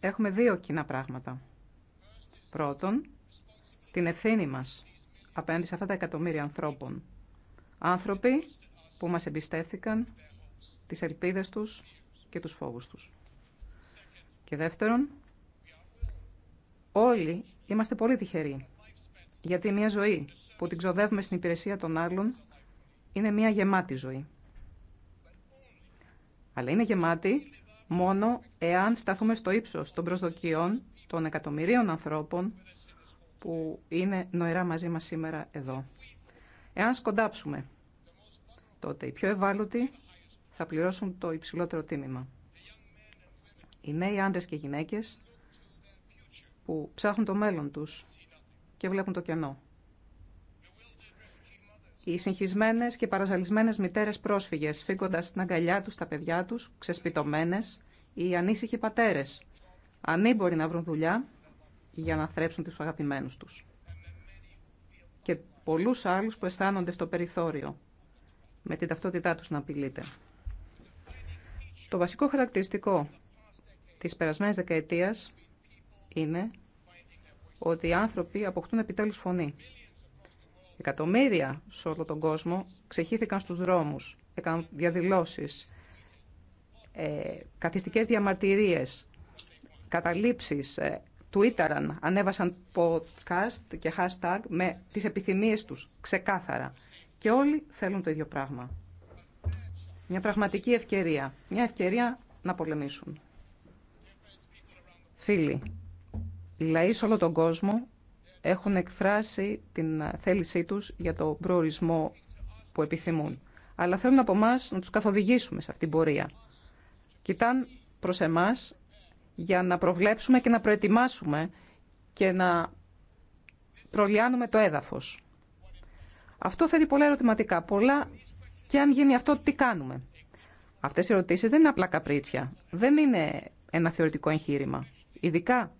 έχουμε δύο κοινά πράγματα. Πρώτον, την ευθύνη μας απέναντι σε αυτά τα εκατομμύρια ανθρώπων. Άνθρωποι που μας εμπιστεύθηκαν τις ελπίδες τους και τους φόβους τους. Και δεύτερον, όλοι είμαστε πολύ τυχεροί. Γιατί μια ζωή που την ξοδεύουμε στην υπηρεσία των άλλων είναι μια γεμάτη ζωή. Αλλά είναι γεμάτη μόνο εάν σταθούμε στο ύψος των προσδοκιών των εκατομμυρίων ανθρώπων που είναι νοερά μαζί μας σήμερα εδώ. Εάν σκοντάψουμε, τότε οι πιο ευάλωτοι θα πληρώσουν το υψηλότερο τίμημα. Οι νέοι άντρες και γυναίκες που ψάχνουν το μέλλον τους και βλέπουν το κενό. Οι συγχυσμένε και παραζαλισμένε μητέρε πρόσφυγες, φύγοντα στην αγκαλιά τους τα παιδιά τους, ξεσπιτωμένε, οι ανήσυχοι πατέρες, ανήμποροι να βρουν δουλειά για να θρέψουν του αγαπημένους τους. Και πολλούς άλλους που αισθάνονται στο περιθώριο, με την ταυτότητά τους να απειλείται. Το βασικό χαρακτηριστικό τη περασμένη δεκαετία είναι ότι οι άνθρωποι αποκτούν επιτέλου φωνή. Εκατομμύρια σε όλο τον κόσμο ξεχύθηκαν στους δρόμους, έκαναν διαδηλώσεις, ε, καθιστικές διαμαρτυρίες, καταλήψεις, ε, ανέβασαν podcast και hashtag με τις επιθυμίες τους, ξεκάθαρα. Και όλοι θέλουν το ίδιο πράγμα. Μια πραγματική ευκαιρία. Μια ευκαιρία να πολεμήσουν. Φίλοι, οι λαοί σε όλο τον κόσμο έχουν εκφράσει την θέλησή τους για το προορισμό που επιθυμούν. Αλλά θέλουν από εμά να τους καθοδηγήσουμε σε αυτήν την πορεία. Κοιτάν προς εμάς για να προβλέψουμε και να προετοιμάσουμε και να προλιάνουμε το έδαφος. Αυτό θέτει πολλά ερωτηματικά, πολλά και αν γίνει αυτό τι κάνουμε. Αυτές οι ερωτήσεις δεν είναι απλά καπρίτσια, δεν είναι ένα θεωρητικό εγχείρημα. Ειδικά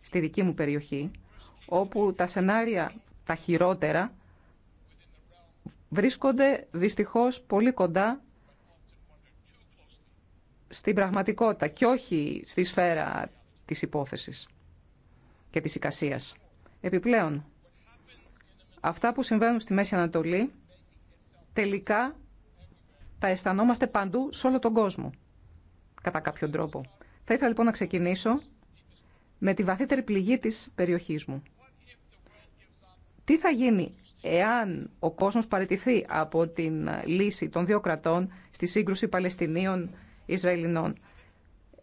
στη δική μου περιοχή, όπου τα σενάρια τα χειρότερα βρίσκονται δυστυχώς πολύ κοντά στην πραγματικότητα και όχι στη σφαίρα της υπόθεσης και της εικασίας. Επιπλέον, αυτά που συμβαίνουν στη Μέση Ανατολή τελικά τα αισθανόμαστε παντού σε όλο τον κόσμο, κατά κάποιον τρόπο. Θα ήθελα λοιπόν να ξεκινήσω με τη βαθύτερη πληγή της περιοχής μου. Τι θα γίνει εάν ο κόσμος παρετηθεί από την λύση των δύο κρατών στη σύγκρουση Παλαιστινίων-Ισραηλινών.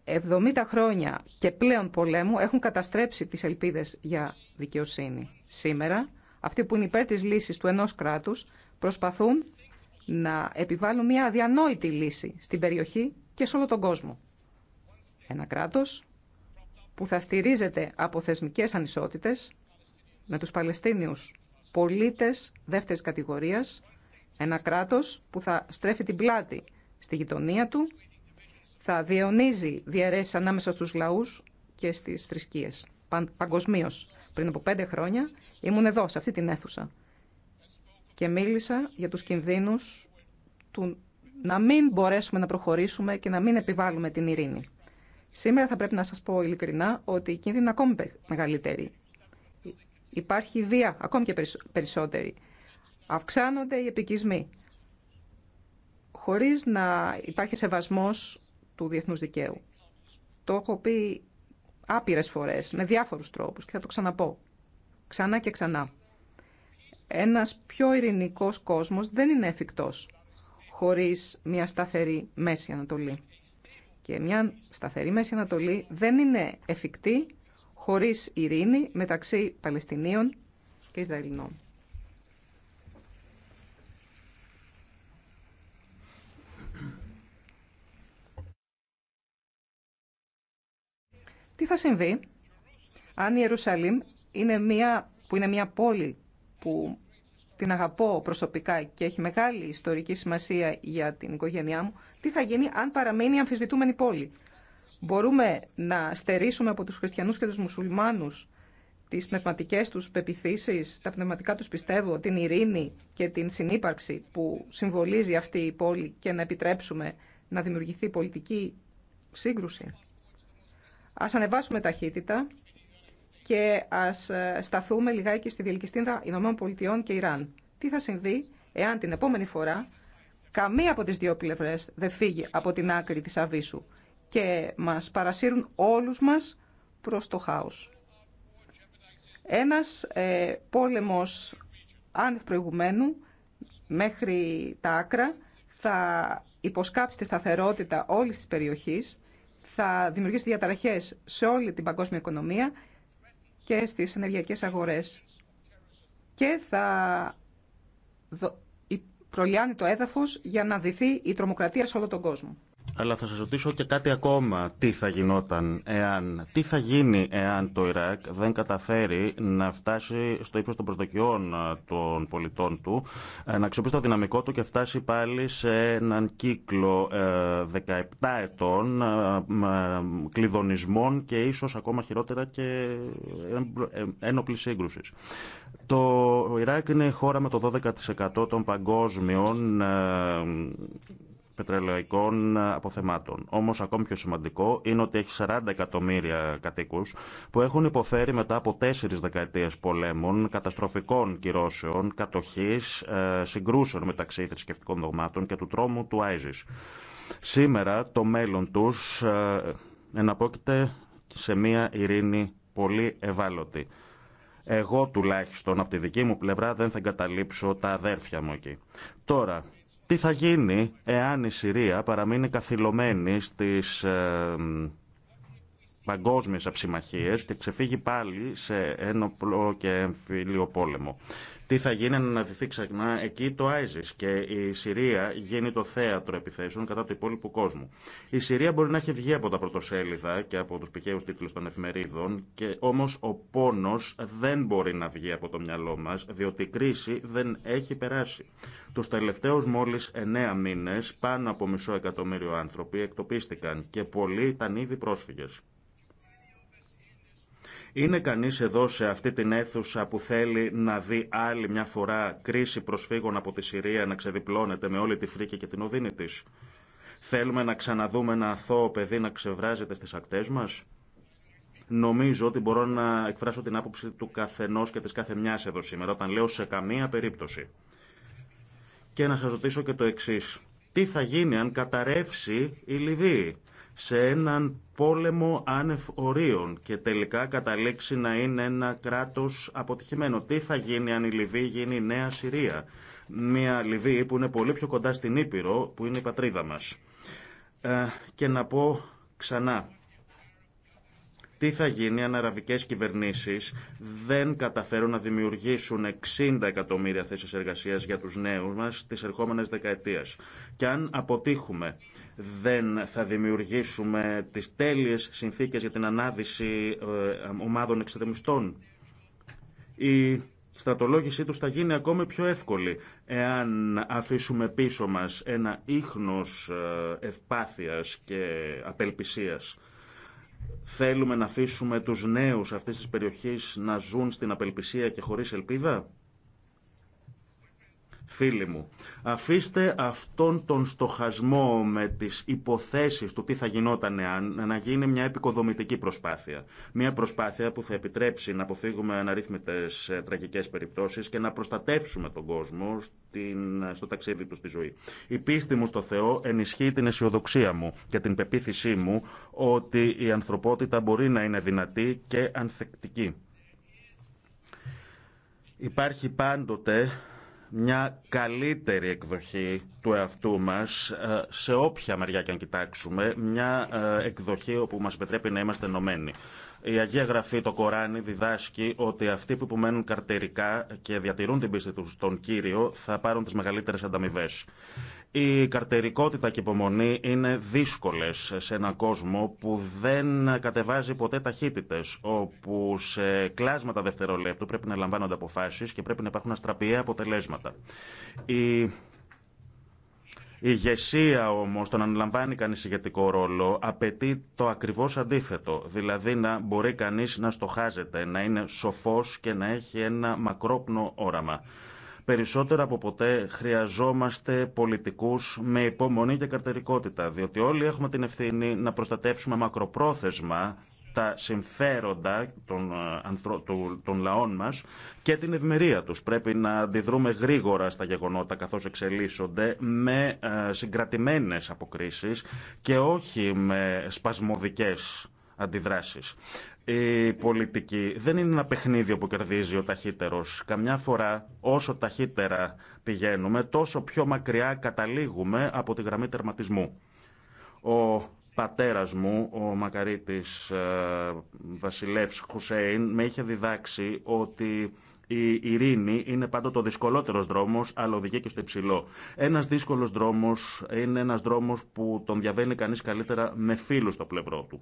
70 χρόνια και πλέον πολέμου έχουν καταστρέψει τις ελπίδες για δικαιοσύνη. Σήμερα, αυτοί που είναι υπέρ της λύσης του ενός κράτους προσπαθούν να επιβάλλουν μια αδιανόητη λύση στην περιοχή και σε όλο τον κόσμο. Ένα κράτος που θα στηρίζεται από θεσμικές ανισότητες με τους Παλαιστίνιους πολίτες δεύτερης κατηγορίας, ένα κράτος που θα στρέφει την πλάτη στη γειτονία του, θα διαιωνίζει διαιρέσεις ανάμεσα στους λαούς και στις θρησκείες. Παγκοσμίω, πριν από πέντε χρόνια, ήμουν εδώ, σε αυτή την αίθουσα και μίλησα για τους κινδύνους του να μην μπορέσουμε να προχωρήσουμε και να μην επιβάλλουμε την ειρήνη. Σήμερα θα πρέπει να σας πω ειλικρινά ότι η κίνδυνη είναι ακόμη μεγαλύτερη. Υπάρχει βία ακόμη και περισσότερη. Αυξάνονται οι επικισμοί χωρίς να υπάρχει σεβασμός του διεθνούς δικαίου. Το έχω πει άπειρες φορές, με διάφορους τρόπους και θα το ξαναπώ. Ξανά και ξανά. Ένας πιο ειρηνικός κόσμος δεν είναι εφικτός χωρίς μια σταθερή Μέση Ανατολή και μια σταθερή Μέση Ανατολή δεν είναι εφικτή χωρίς ειρήνη μεταξύ Παλαιστινίων και Ισραηλινών. Τι θα συμβεί αν η Ιερουσαλήμ είναι μια, που είναι μια πόλη που την αγαπώ προσωπικά και έχει μεγάλη ιστορική σημασία για την οικογένειά μου, τι θα γίνει αν παραμείνει αμφισβητούμενη πόλη. Μπορούμε να στερήσουμε από τους χριστιανούς και τους μουσουλμάνους τις πνευματικές τους πεπιθήσεις, τα πνευματικά τους πιστεύω, την ειρήνη και την συνύπαρξη που συμβολίζει αυτή η πόλη και να επιτρέψουμε να δημιουργηθεί πολιτική σύγκρουση. Ας ανεβάσουμε ταχύτητα και ας ε, σταθούμε λιγάκι στη διελκυστίνδα Ηνωμένων Πολιτειών και Ιράν. Τι θα συμβεί εάν την επόμενη φορά καμία από τις δύο πλευρές δεν φύγει από την άκρη της Αβίσου και μας παρασύρουν όλους μας προς το χάος. Ένας ε, πόλεμος άνευ προηγουμένου μέχρι τα άκρα θα υποσκάψει τη σταθερότητα όλης της περιοχής, θα δημιουργήσει διαταραχές σε όλη την παγκόσμια οικονομία και στις ενεργειακές αγορές και θα προλιάνει το έδαφος για να δυθεί η τρομοκρατία σε όλο τον κόσμο. Αλλά θα σας ρωτήσω και κάτι ακόμα. Τι θα γινόταν εάν, τι θα γίνει εάν το Ιράκ δεν καταφέρει να φτάσει στο ύψος των προσδοκιών ε, των πολιτών του, ε, να αξιοποιήσει το δυναμικό του και φτάσει πάλι σε έναν κύκλο 17 ε, ετών κλειδονισμών και ίσως ακόμα χειρότερα και ένοπλη σύγκρουση. Το Ιράκ είναι η χώρα με το 12% των παγκόσμιων πετρελαϊκών αποθεμάτων. Όμω, ακόμη πιο σημαντικό είναι ότι έχει 40 εκατομμύρια κατοίκου που έχουν υποφέρει μετά από τέσσερι δεκαετίε πολέμων, καταστροφικών κυρώσεων, κατοχή, ε, συγκρούσεων μεταξύ θρησκευτικών δογμάτων και του τρόμου του Άιζη. Σήμερα το μέλλον του ε, εναπόκειται σε μια ειρήνη πολύ ευάλωτη. Εγώ τουλάχιστον από τη δική μου πλευρά δεν θα εγκαταλείψω τα αδέρφια μου εκεί. Τώρα, τι θα γίνει εάν η Συρία παραμείνει καθυλωμένη στις ε, παγκόσμιες αψημαχίες και ξεφύγει πάλι σε ένοπλο και εμφυλίο πόλεμο τι θα γίνει να αναδυθεί ξανά εκεί το ISIS και η Συρία γίνει το θέατρο επιθέσεων κατά του υπόλοιπου κόσμου. Η Συρία μπορεί να έχει βγει από τα πρωτοσέλιδα και από του πηχαίου τίτλου των εφημερίδων, και όμω ο πόνο δεν μπορεί να βγει από το μυαλό μα, διότι η κρίση δεν έχει περάσει. Τους τελευταίους μόλι εννέα μήνε, πάνω από μισό εκατομμύριο άνθρωποι εκτοπίστηκαν και πολλοί ήταν ήδη πρόσφυγες. Είναι κανείς εδώ σε αυτή την αίθουσα που θέλει να δει άλλη μια φορά κρίση προσφύγων από τη Συρία να ξεδιπλώνεται με όλη τη φρίκη και την οδύνη της. Θέλουμε να ξαναδούμε ένα αθώο παιδί να ξεβράζεται στις ακτές μας. Νομίζω ότι μπορώ να εκφράσω την άποψη του καθενός και της κάθε μιας εδώ σήμερα, όταν λέω σε καμία περίπτωση. Και να σας ρωτήσω και το εξής. Τι θα γίνει αν καταρρεύσει η Λιβύη σε έναν πόλεμο άνευ ορίων και τελικά καταλήξει να είναι ένα κράτος αποτυχημένο. Τι θα γίνει αν η Λιβύη γίνει η Νέα Συρία, μια Λιβύη που είναι πολύ πιο κοντά στην Ήπειρο που είναι η πατρίδα μας. Ε, και να πω ξανά, τι θα γίνει αν αραβικές κυβερνήσεις... δεν καταφέρουν να δημιουργήσουν 60 εκατομμύρια θέσεις εργασίας για τους νέους μας... τι ερχόμενες δεκαετίες. Και αν αποτύχουμε δεν θα δημιουργήσουμε τις τέλειες συνθήκες για την ανάδυση ε, ομάδων εξτρεμιστών. Η στρατολόγησή τους θα γίνει ακόμη πιο εύκολη εάν αφήσουμε πίσω μας ένα ίχνος ε, ευπάθειας και απελπισίας. Θέλουμε να αφήσουμε τους νέους αυτής της περιοχής να ζουν στην απελπισία και χωρίς ελπίδα. Φίλοι μου, αφήστε αυτόν τον στοχασμό με τις υποθέσεις του τι θα γινόταν εάν να γίνει μια επικοδομητική προσπάθεια. Μια προσπάθεια που θα επιτρέψει να αποφύγουμε αναρρύθμιτες ε, τραγικές περιπτώσεις και να προστατεύσουμε τον κόσμο στην, στο ταξίδι του στη ζωή. Η πίστη μου στο Θεό ενισχύει την αισιοδοξία μου και την πεποίθησή μου ότι η ανθρωπότητα μπορεί να είναι δυνατή και ανθεκτική. Υπάρχει πάντοτε μια καλύτερη εκδοχή του εαυτού μας ε, σε όποια μεριά και αν κοιτάξουμε, μια ε, εκδοχή όπου μας επιτρέπει να είμαστε ενωμένοι. Η Αγία Γραφή, το Κοράνι, διδάσκει ότι αυτοί που μένουν καρτερικά και διατηρούν την πίστη τους στον Κύριο θα πάρουν τις μεγαλύτερες ανταμοιβέ. Η καρτερικότητα και η υπομονή είναι δύσκολες σε έναν κόσμο που δεν κατεβάζει ποτέ ταχύτητες, όπου σε κλάσματα δευτερολέπτου πρέπει να λαμβάνονται αποφάσεις και πρέπει να υπάρχουν αστραπιαία αποτελέσματα. Η η ηγεσία όμω, το να αναλαμβάνει κανείς ηγετικό ρόλο, απαιτεί το ακριβώς αντίθετο. Δηλαδή να μπορεί κανείς να στοχάζεται, να είναι σοφός και να έχει ένα μακρόπνο όραμα. Περισσότερο από ποτέ χρειαζόμαστε πολιτικούς με υπομονή και καρτερικότητα, διότι όλοι έχουμε την ευθύνη να προστατεύσουμε μακροπρόθεσμα τα συμφέροντα των, ε, λαών μας και την ευημερία τους. Πρέπει να αντιδρούμε γρήγορα στα γεγονότα καθώς εξελίσσονται με ε, συγκρατημένες αποκρίσεις και όχι με σπασμωδικές αντιδράσεις. Η πολιτική δεν είναι ένα παιχνίδι που κερδίζει ο ταχύτερο. Καμιά φορά όσο ταχύτερα πηγαίνουμε τόσο πιο μακριά καταλήγουμε από τη γραμμή τερματισμού. Ο πατέρας μου, ο μακαρίτης ε, Βασιλεύς Χουσέιν, με είχε διδάξει ότι η ειρήνη είναι πάντοτε ο δυσκολότερος δρόμος, αλλά οδηγεί και στο υψηλό. Ένας δύσκολος δρόμος είναι ένας δρόμος που τον διαβαίνει κανείς καλύτερα με φίλους στο πλευρό του.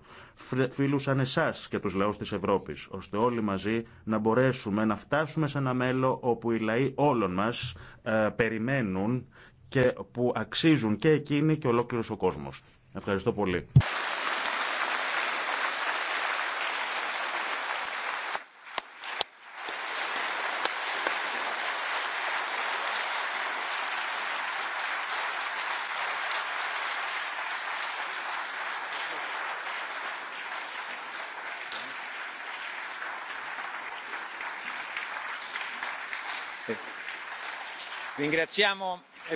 Φίλους σαν εσά και τους λαούς της Ευρώπη, ώστε όλοι μαζί να μπορέσουμε να φτάσουμε σε ένα μέλλον όπου οι λαοί όλων μας ε, περιμένουν και που αξίζουν και εκείνοι και ολόκληρο ο κόσμο. Ευχαριστώ πολύ.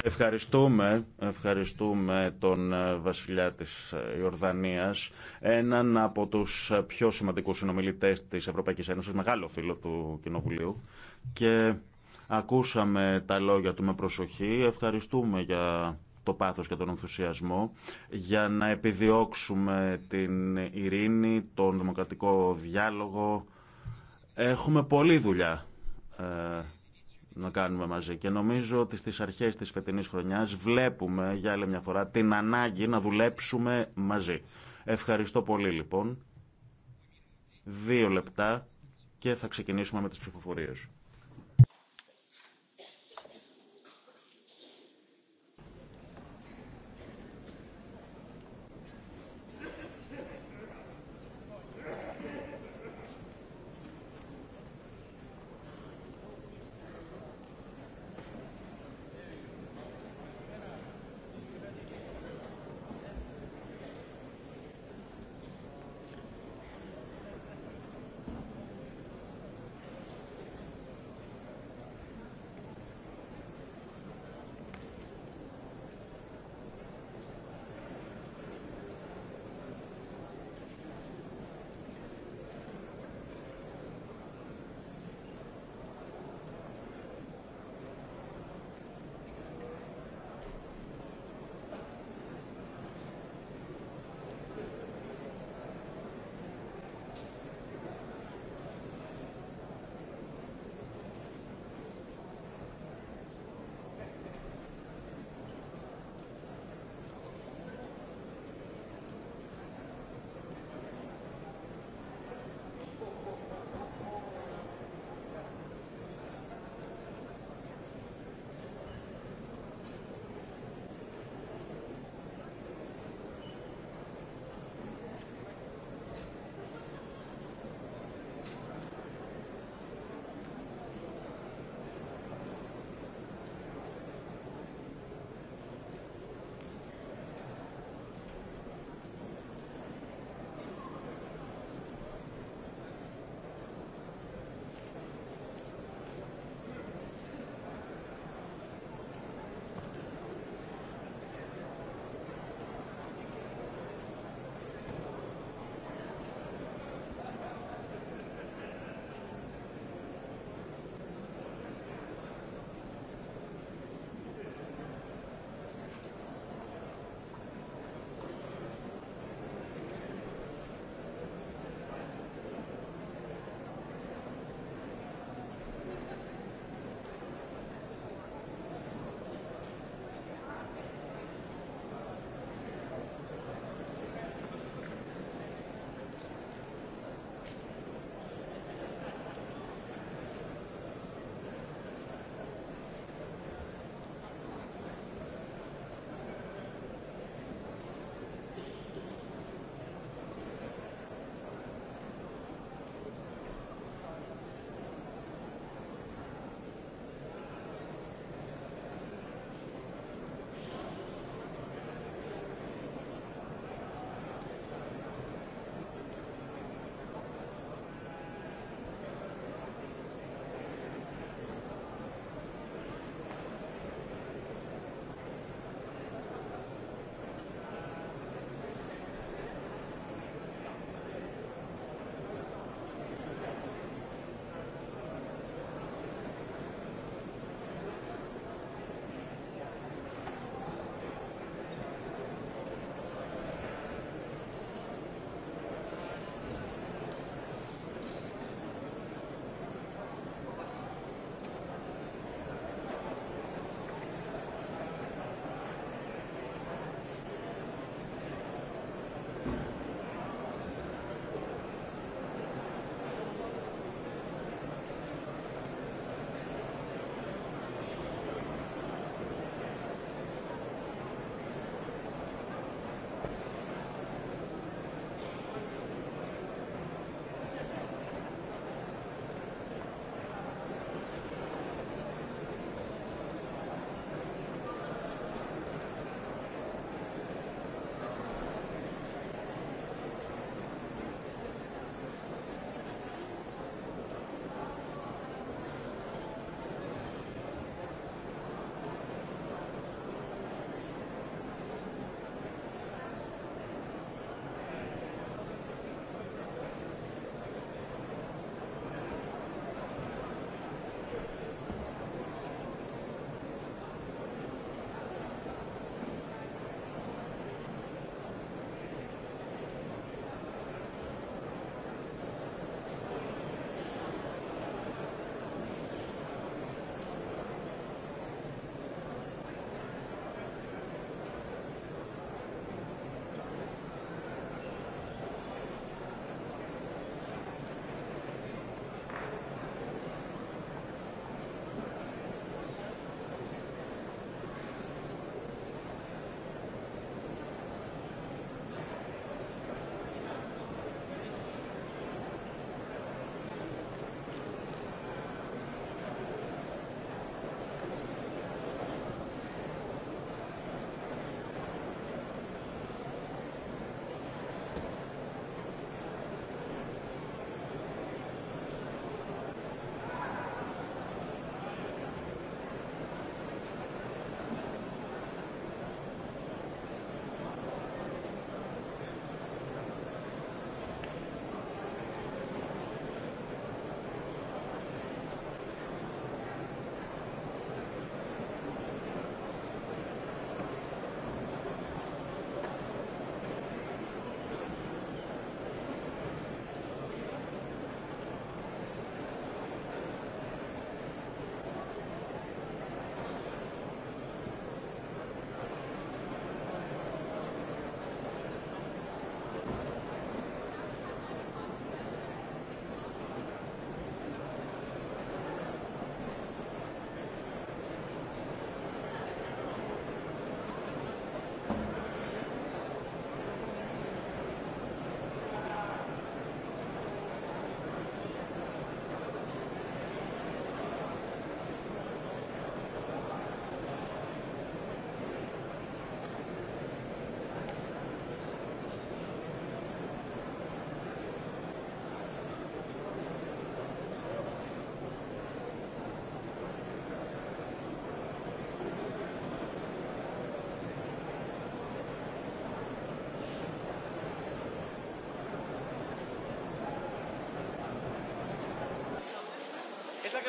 Ευχαριστούμε, ευχαριστούμε τον ε, βασιλιά της ε, Ιορδανίας, έναν από τους ε, πιο σημαντικούς συνομιλητές της Ευρωπαϊκής Ένωσης, μεγάλο φίλο του Κοινοβουλίου και ακούσαμε τα λόγια του με προσοχή. Ευχαριστούμε για το πάθος και τον ενθουσιασμό για να επιδιώξουμε την ειρήνη, τον δημοκρατικό διάλογο. Έχουμε πολλή δουλειά να κάνουμε μαζί. Και νομίζω ότι στις αρχές της φετινής χρονιάς βλέπουμε για άλλη μια φορά την ανάγκη να δουλέψουμε μαζί. Ευχαριστώ πολύ λοιπόν. Δύο λεπτά και θα ξεκινήσουμε με τις ψηφοφορίες.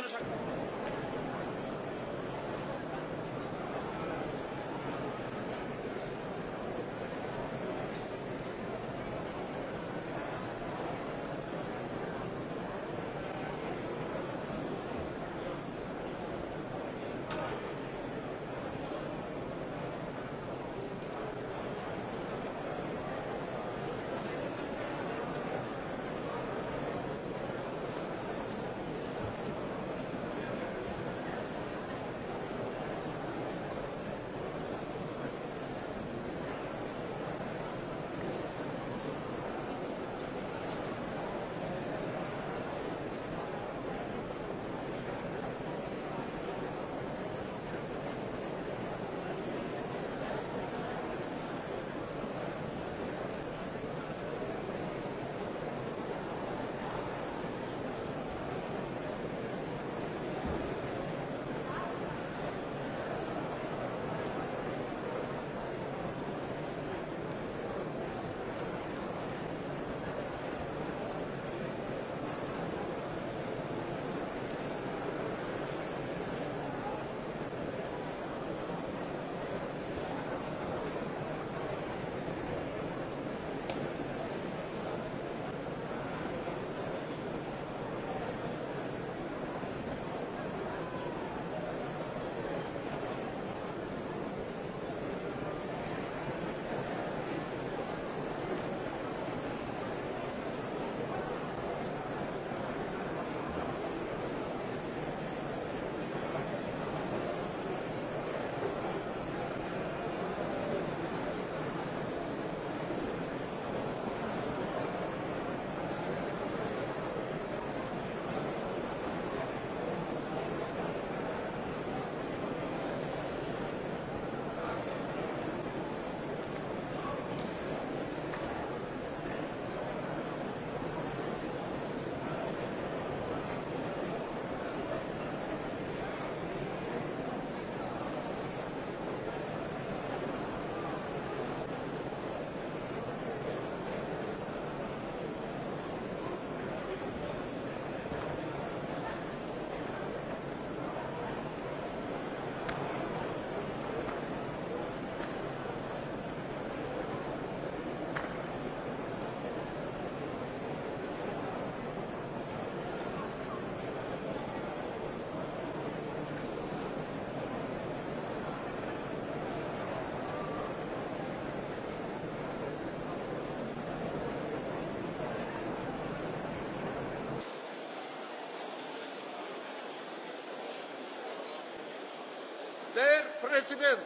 και να president.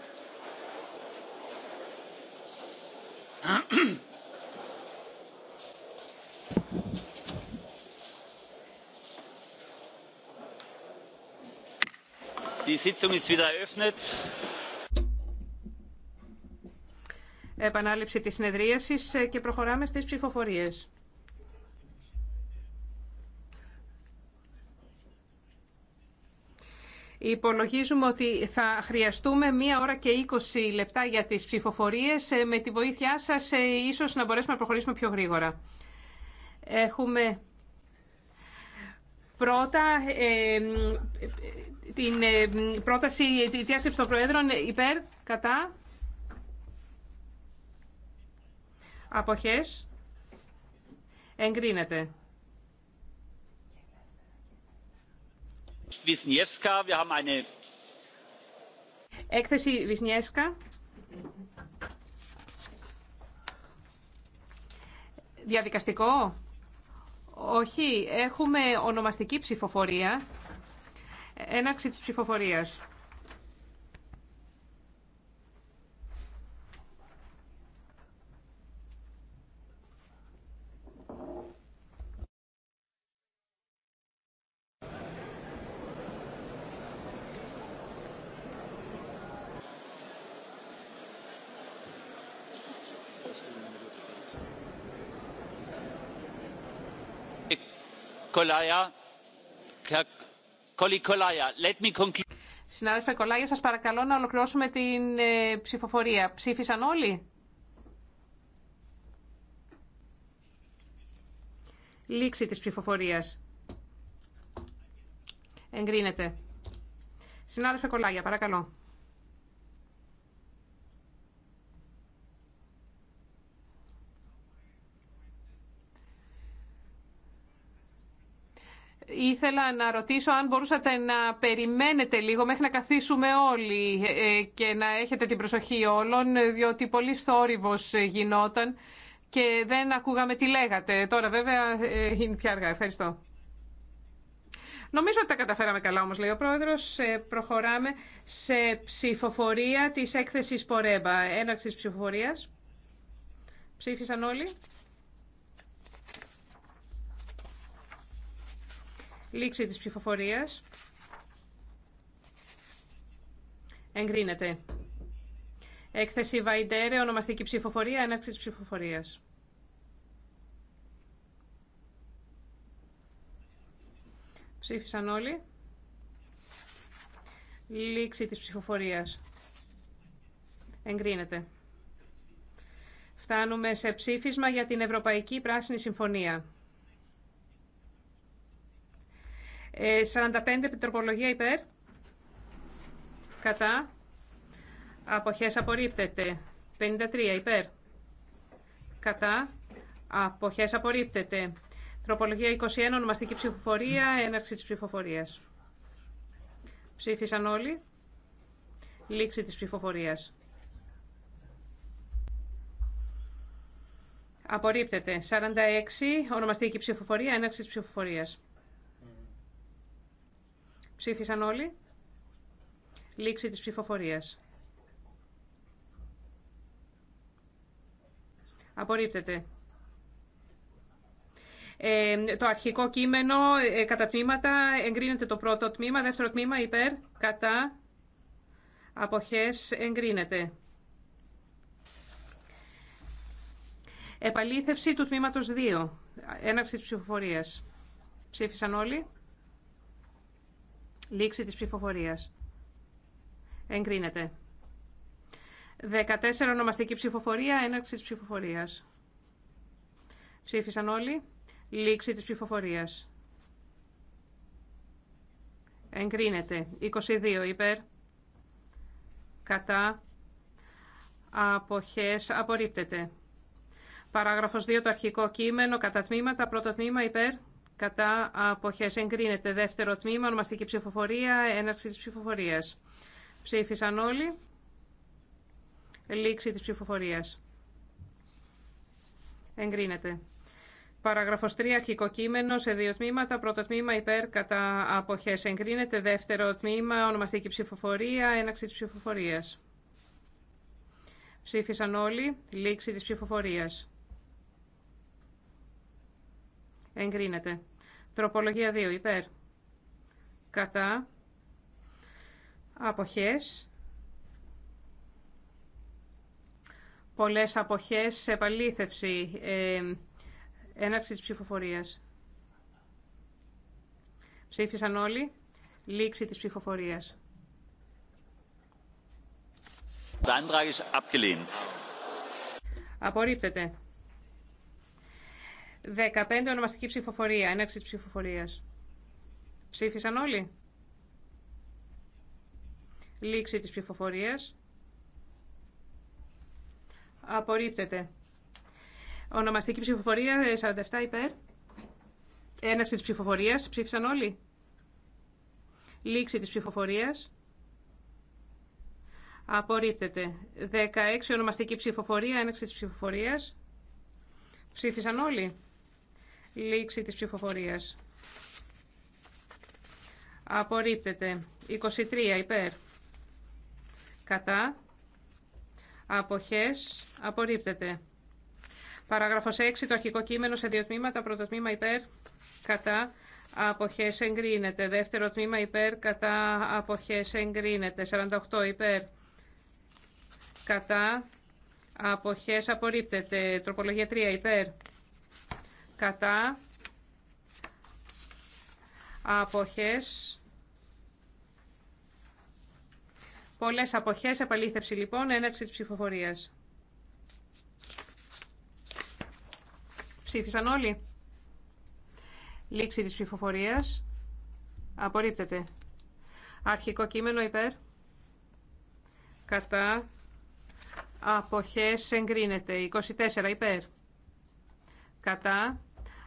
Die Sitzung ist wieder eröffnet. Επανάληψη της συνεδρίασης ε, και προχωράμε στις ψηφοφορίες. Υπολογίζουμε ότι θα χρειαστούμε μία ώρα και 20 λεπτά για τις ψηφοφορίες. Ε, με τη βοήθειά σας ε, ίσως να μπορέσουμε να προχωρήσουμε πιο γρήγορα. Έχουμε πρώτα ε, την ε, πρόταση της διάσκεψης των Προέδρων υπέρ, κατά, αποχές, εγκρίνεται. Έκθεση Βισνιέσκα; Διαδικαστικό. Όχι, έχουμε ονομαστική ψηφοφορία. Έναρξη της ψηφοφορίας. Συνάδελφε Κολάγια, σας παρακαλώ να ολοκληρώσουμε την ε, ψηφοφορία. Ψήφισαν όλοι? Λήξη της ψηφοφορίας. Εγκρίνεται. Συνάδελφε Κολάγια, παρακαλώ. Ήθελα να ρωτήσω αν μπορούσατε να περιμένετε λίγο μέχρι να καθίσουμε όλοι ε, και να έχετε την προσοχή όλων, διότι πολύ θόρυβος γινόταν και δεν ακούγαμε τι λέγατε. Τώρα βέβαια ε, είναι πια αργά. Ευχαριστώ. Νομίζω ότι τα καταφέραμε καλά όμως, λέει ο Πρόεδρος. Ε, προχωράμε σε ψηφοφορία της έκθεσης Πορέμπα. Έναρξης ψηφοφορίας. Ψήφισαν όλοι. Λήξη της ψηφοφορίας. Εγκρίνεται. Έκθεση Βαϊντέρε, ονομαστική ψηφοφορία, έναρξη της ψηφοφορίας. Ψήφισαν όλοι. Λήξη της ψηφοφορίας. Εγκρίνεται. Φτάνουμε σε ψήφισμα για την Ευρωπαϊκή Πράσινη Συμφωνία. 45 ε, τροπολογία υπέρ. Κατά. Αποχές απορρίπτεται. 53 υπέρ. Κατά. Αποχές απορρίπτεται. Τροπολογία 21 ονομαστική ψηφοφορία. Έναρξη της ψηφοφορίας. Ψήφισαν όλοι. Λήξη της ψηφοφορίας. Απορρίπτεται. 46 ονομαστική ψηφοφορία. Έναρξη της ψηφοφορίας. Ψήφισαν όλοι. Λήξη της ψηφοφορίας. Απορρίπτεται. Ε, το αρχικό κείμενο ε, κατά τμήματα εγκρίνεται το πρώτο τμήμα, δεύτερο τμήμα υπέρ, κατά, αποχές εγκρίνεται. Επαλήθευση του τμήματος 2. Έναρξη της ψηφοφορίας. Ψήφισαν όλοι. Λήξη της ψηφοφορίας. Εγκρίνεται. 14 ονομαστική ψηφοφορία, έναρξη της ψηφοφορίας. Ψήφισαν όλοι. Λήξη της ψηφοφορίας. Εγκρίνεται. 22 υπέρ. Κατά. Αποχές. Απορρίπτεται. Παράγραφος 2. Το αρχικό κείμενο κατά τμήματα. Πρώτο τμήμα υπέρ κατά αποχές εγκρίνεται. Δεύτερο τμήμα, ονομαστική ψηφοφορία, έναρξη της ψηφοφορίας. Ψήφισαν όλοι. Λήξη της ψηφοφορίας. Εγκρίνεται. Παραγραφος 3, αρχικό κείμενο, σε δύο τμήματα. Πρώτο τμήμα υπέρ κατά αποχές εγκρίνεται. Δεύτερο τμήμα, ονομαστική ψηφοφορία, έναρξη της ψηφοφορίας. Ψήφισαν όλοι. Λήξη της ψηφοφορίας. Εγκρίνεται. Τροπολογία 2. Υπέρ. Κατά. Αποχές. Πολλές αποχές σε επαλήθευση. Ε, έναρξη της ψηφοφορίας. Ψήφισαν όλοι. Λήξη της ψηφοφορίας. Απορρίπτεται. 15 ονομαστική ψηφοφορία, έναρξη της ψηφοφορίας. Ψήφισαν όλοι. Λήξη της ψηφοφορίας. Απορρίπτεται. Ονομαστική ψηφοφορία 47 υπέρ. Έναρξη της ψηφοφορίας. Ψήφισαν όλοι. Λήξη της ψηφοφορίας. Απορρίπτεται. 16 ονομαστική ψηφοφορία. Έναρξη της ψηφοφορίας. Ψήφισαν όλοι. Λήξη της ψηφοφορίας. Απορρίπτεται. 23 υπέρ. Κατά. Αποχές. Απορρίπτεται. Παράγραφος 6. Το αρχικό κείμενο σε δύο τμήματα. Πρώτο τμήμα υπέρ. Κατά. Αποχές εγκρίνεται. Δεύτερο τμήμα υπέρ. Κατά. Αποχές εγκρίνεται. 48 υπέρ. Κατά. Αποχές απορρίπτεται. Τροπολογία 3 υπέρ κατά αποχές πολλές αποχές επαλήθευση λοιπόν έναρξη της ψηφοφορίας ψήφισαν όλοι λήξη της ψηφοφορίας απορρίπτεται αρχικό κείμενο υπέρ κατά αποχές εγκρίνεται 24 υπέρ κατά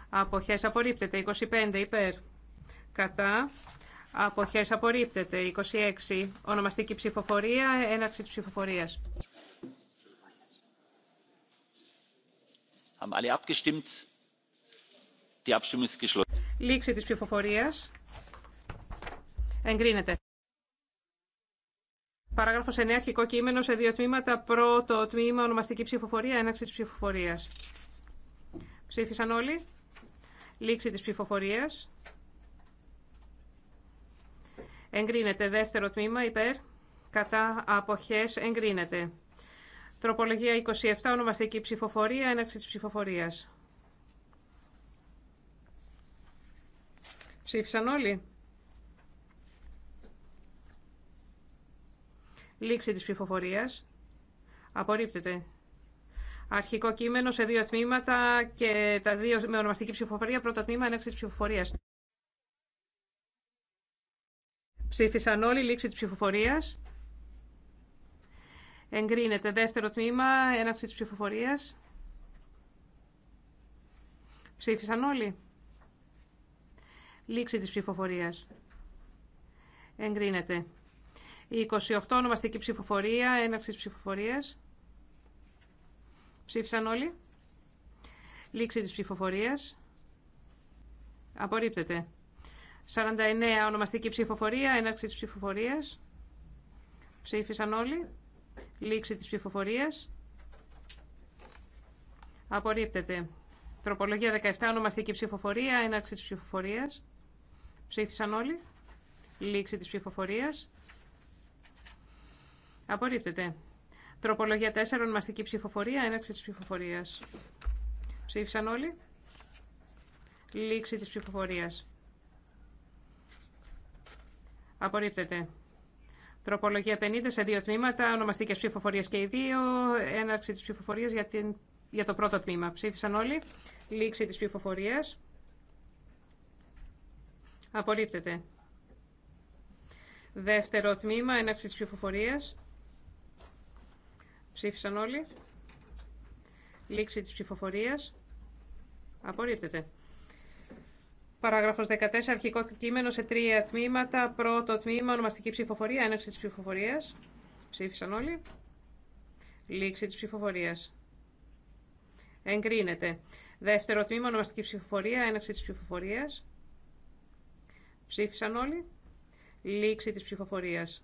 Αποχές απορρίπτεται. 25 υπέρ. Κατά. Αποχές απορρίπτεται. 26. Ονομαστική ψηφοφορία. Έναρξη της ψηφοφορίας. Λήξη της ψηφοφορίας. Εγκρίνεται. Παράγραφος 9. Αρχικό κείμενο σε δύο τμήματα. Πρώτο τμήμα ονομαστική ψηφοφορία. Έναρξη της ψηφοφορίας. Ψήφισαν όλοι. Λήξη της ψηφοφορίας. Εγκρίνεται. Δεύτερο τμήμα υπέρ. Κατά αποχές εγκρίνεται. Τροπολογία 27, ονομαστική ψηφοφορία, έναρξη της ψηφοφορίας. Ψήφισαν όλοι. Λήξη της ψηφοφορίας. Απορρίπτεται. Αρχικό κείμενο σε δύο τμήματα και τα δύο με ονομαστική ψηφοφορία. Πρώτο τμήμα, έναρξη ψηφοφορία. Ψήφισαν όλοι, λήξη τη ψηφοφορίας. Εγκρίνεται. Δεύτερο τμήμα, έναρξη τη ψηφοφορίας. Ψήφισαν όλοι. Λήξη τη ψηφοφορίας. Εγκρίνεται. Η 28 ονομαστική ψηφοφορία, έναρξη ψηφοφορία. ψηφοφορίας. Ψήφισαν όλοι. Λήξη της ψηφοφορίας. Απορρίπτεται. 49 ονομαστική ψηφοφορία, έναρξη της ψηφοφορίας. Ψήφισαν όλοι. Λήξη της ψηφοφορίας. Απορρίπτεται. Τροπολογία 17 ονομαστική ψηφοφορία, έναρξη της ψηφοφορίας. Ψήφισαν όλοι. Λήξη της ψηφοφορίας. Απορρίπτεται. Τροπολογία 4, ονομαστική ψηφοφορία, έναρξη της ψηφοφορίας. Ψήφισαν όλοι. Λήξη της ψηφοφορίας. Απορρίπτεται. Τροπολογία 50 σε δύο τμήματα, ονομαστικέ ψηφοφορίε και οι δύο, έναρξη τη ψηφοφορία για, την, για το πρώτο τμήμα. Ψήφισαν όλοι. Λήξη τη ψηφοφορία. Απορρίπτεται. Δεύτερο τμήμα, έναρξη τη ψηφοφορία. Ψήφισαν όλοι. Λήξη της ψηφοφορίας. Απορρίπτεται. Παράγραφος 14. Αρχικό κείμενο σε τρία τμήματα. Πρώτο τμήμα, ονομαστική ψηφοφορία, Έναξη της ψηφοφορίας. Ψήφισαν όλοι. Λήξη της ψηφοφορίας. Εγκρίνεται. Δεύτερο τμήμα, ονομαστική ψηφοφορία, Έναξη της ψηφοφορίας. Ψήφισαν όλοι. Λήξη της ψηφοφορίας.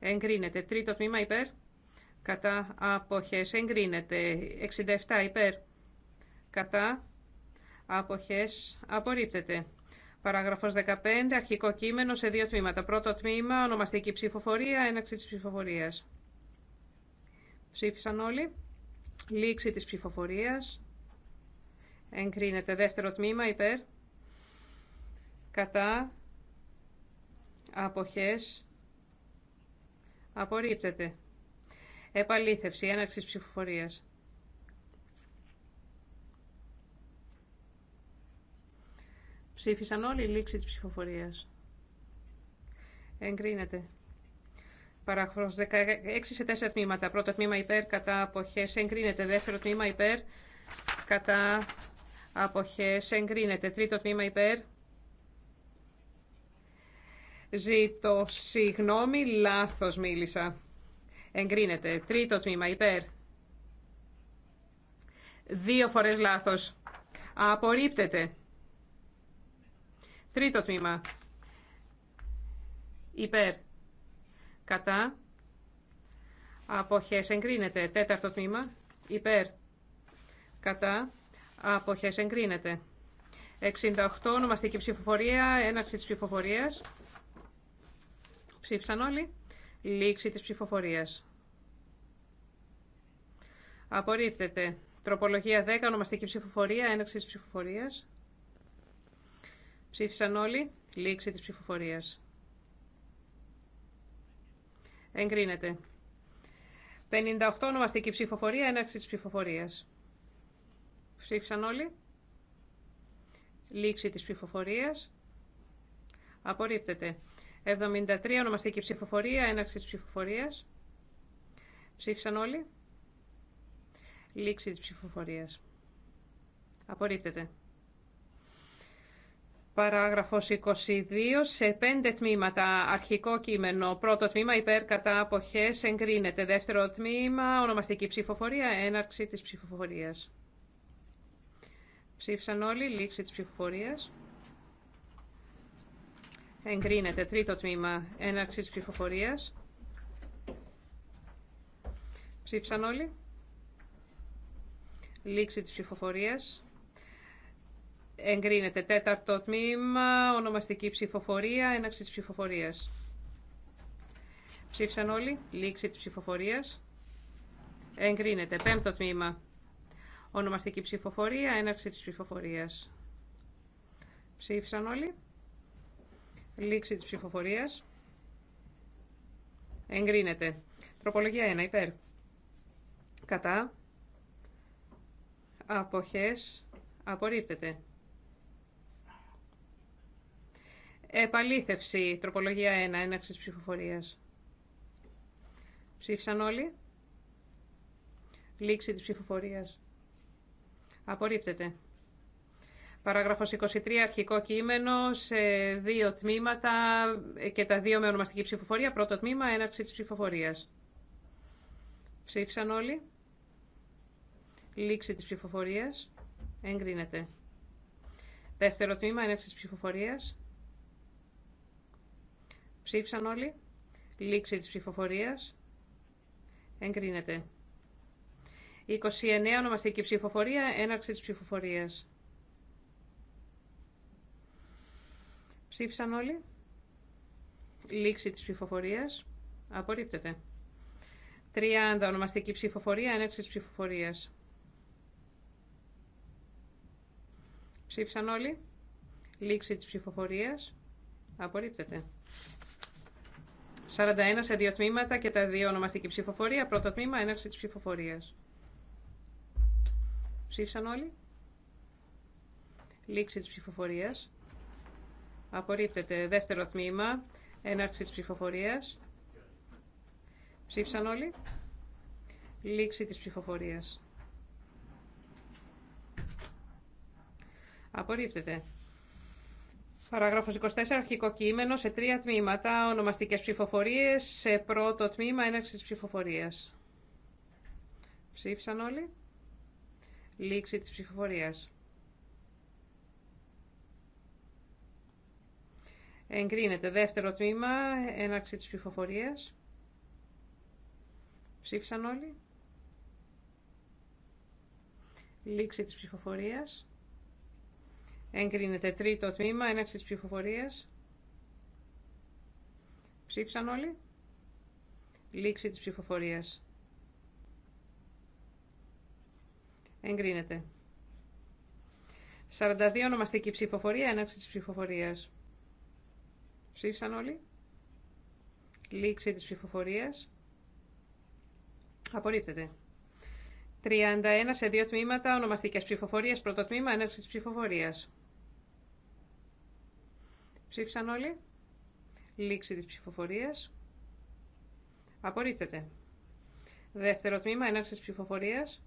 Εγκρίνεται. Τρίτο τμήμα, υπέρ κατά αποχές εγκρίνεται 67 υπέρ κατά αποχές απορρίπτεται Παράγραφος 15. Αρχικό κείμενο σε δύο τμήματα. Πρώτο τμήμα, ονομαστική ψηφοφορία, έναξη της ψηφοφορίας. Ψήφισαν όλοι. Λήξη της ψηφοφορίας. Εγκρίνεται δεύτερο τμήμα, υπέρ. Κατά. Αποχές. Απορρίπτεται. Επαλήθευση, έναρξη ψηφοφορία. Ψήφισαν όλοι η λήξη της ψηφοφορίας. Εγκρίνεται. Παραχρός 16 σε 4 τμήματα. Πρώτο τμήμα υπέρ κατά αποχές εγκρίνεται. Δεύτερο τμήμα υπέρ κατά αποχές εγκρίνεται. Τρίτο τμήμα υπέρ. Ζήτω συγγνώμη, λάθος μίλησα. Εγκρίνεται. Τρίτο τμήμα υπέρ. Δύο φορές λάθος. Απορρίπτεται. Τρίτο τμήμα. Υπέρ. Κατά. Αποχές εγκρίνεται. Τέταρτο τμήμα. Υπέρ. Κατά. Αποχές εγκρίνεται. 68. Ονομαστική ψηφοφορία. Έναρξη της ψηφοφορίας. Ψήφισαν όλοι. Λήξη της ψηφοφορίας. Απορρίπτεται. Τροπολογία 10, ονομαστική ψηφοφορία, έναρξη της ψηφοφορίας. Ψήφισαν όλοι. Λήξη της ψηφοφορίας. Εγκρίνεται. 58, ονομαστική ψηφοφορία, έναρξη της ψηφοφορίας. Ψήφισαν όλοι. Λήξη της ψηφοφορίας. Απορρίπτεται. 73 ονομαστική ψηφοφορία, έναρξη της ψηφοφορίας. Ψήφισαν όλοι. Λήξη της ψηφοφορίας. Απορρίπτεται. Παράγραφος 22. Σε πέντε τμήματα αρχικό κείμενο. Πρώτο τμήμα υπέρ κατά αποχές εγκρίνεται. Δεύτερο τμήμα ονομαστική ψηφοφορία, έναρξη της ψηφοφορίας. Ψήφισαν όλοι, λήξη της ψηφοφορίας εγκρίνεται. Τρίτο τμήμα έναρξη ψηφοφορία. Ψήφισαν όλοι. Λήξη της ψηφοφορίας. Εγκρίνεται. Τέταρτο τμήμα, ονομαστική ψηφοφορία, έναρξη της ψηφοφορίας. Ψήφισαν όλοι. Λήξη της ψηφοφορίας. Εγκρίνεται. Πέμπτο τμήμα, ονομαστική ψηφοφορία, έναρξη της ψηφοφορίας. Ψήφισαν όλοι. Λήξη της ψηφοφορίας. Εγκρίνεται. Τροπολογία 1. Υπέρ. Κατά. Αποχές. Απορρίπτεται. Επαλήθευση. Τροπολογία 1. Έναρξη της ψηφοφορίας. Ψήφισαν όλοι. Λήξη της ψηφοφορίας. Απορρίπτεται. Παράγραφος 23, αρχικό κείμενο, σε δύο τμήματα και τα δύο με ονομαστική ψηφοφορία. Πρώτο τμήμα, έναρξη της ψηφοφορίας. Ψήφισαν όλοι. Λήξη της ψηφοφορίας. Εγκρίνεται. Δεύτερο τμήμα, έναρξη της ψηφοφορίας. Ψήφισαν όλοι. Λήξη της ψηφοφορίας. Εγκρίνεται. 29, ονομαστική ψηφοφορία, έναρξη της ψηφοφορίας. Ψήφισαν όλοι. Λήξη της ψηφοφορίας. Απορρίπτεται. 30. Ονομαστική ψηφοφορία. Έναρξη της ψηφοφορίας. Ψήφισαν όλοι. Λήξη της ψηφοφορίας. Απορρίπτεται. 41 σε δύο τμήματα και τα δύο ονομαστική ψηφοφορία. Πρώτο τμήμα, έναρξη της ψηφοφορίας. Ψήφισαν όλοι. Λήξη της ψηφοφορίας. Απορρίπτεται. Δεύτερο τμήμα. Έναρξη της ψηφοφορίας. Ψήφισαν όλοι. Λήξη της ψηφοφορίας. Απορρίπτεται. Παράγραφος 24. Αρχικό κείμενο σε τρία τμήματα. Ονομαστικές ψηφοφορίες. Σε πρώτο τμήμα έναρξη της ψηφοφορίας. Ψήφισαν όλοι. Λήξη της ψηφοφορίας. Εγκρίνεται. Δεύτερο τμήμα, έναρξη της ψηφοφορίας. Ψήφισαν όλοι. Λήξη της ψηφοφορίας. Εγκρίνεται. Τρίτο τμήμα, έναρξη της ψηφοφορίας. Ψήφισαν όλοι. Λήξη της ψηφοφορίας. Εγκρίνεται. 42 ονομαστική ψηφοφορία, έναρξη της ψηφοφορίας. Ψήφισαν όλοι. Λήξη της ψηφοφορίας. Απορρίπτεται. 31 σε δύο τμήματα, ονομαστικές ψηφοφορίες. Πρώτο τμήμα, έναρξη της ψηφοφορίας. Ψήφισαν όλοι. Λήξη της ψηφοφορίας. Απορρίπτεται. Δεύτερο τμήμα, έναρξη της ψηφοφορίας.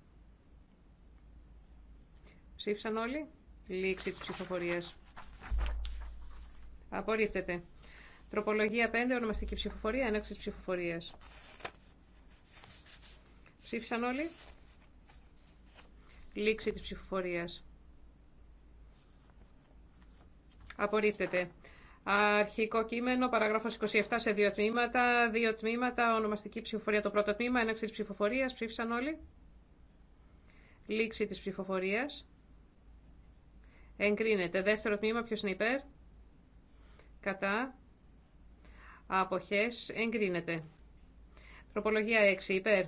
Ψήφισαν όλοι. Λήξη της ψηφοφορίας. Απορρίπτεται. Τροπολογία 5, ονομαστική ψηφοφορία, της ψηφοφορία. Ψήφισαν όλοι. Λήξη της ψηφοφορίας. Απορρίπτεται. Αρχικό κείμενο, παραγράφος 27 σε δύο τμήματα. Δύο τμήματα, ονομαστική ψηφοφορία. Το πρώτο τμήμα, Έναξη της ψηφοφορίας. Ψήφισαν όλοι. Λήξη της ψηφοφορίας. Εγκρίνεται. Δεύτερο τμήμα, ποιος είναι υπέρ. Κατά. Αποχές εγκρίνεται. Τροπολογία 6 υπέρ.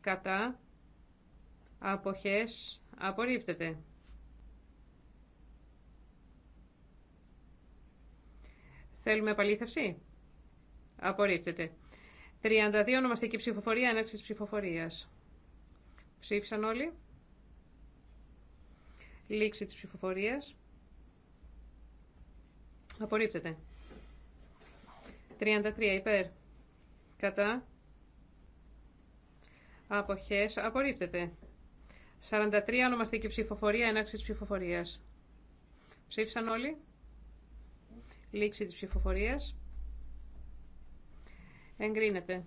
Κατά. Αποχές απορρίπτεται. Θέλουμε επαλήθευση. Απορρίπτεται. 32 ονομαστική ψηφοφορία, έναρξη ψηφοφορίας. Ψήφισαν όλοι. Λήξη της ψηφοφορίας. Απορρίπτεται. 33 υπέρ. Κατά. Αποχές απορρίπτεται. 43 ονομαστική ψηφοφορία, ενάξη της ψηφοφορίας. Ψήφισαν όλοι. Λήξη της ψηφοφορίας. Εγκρίνεται.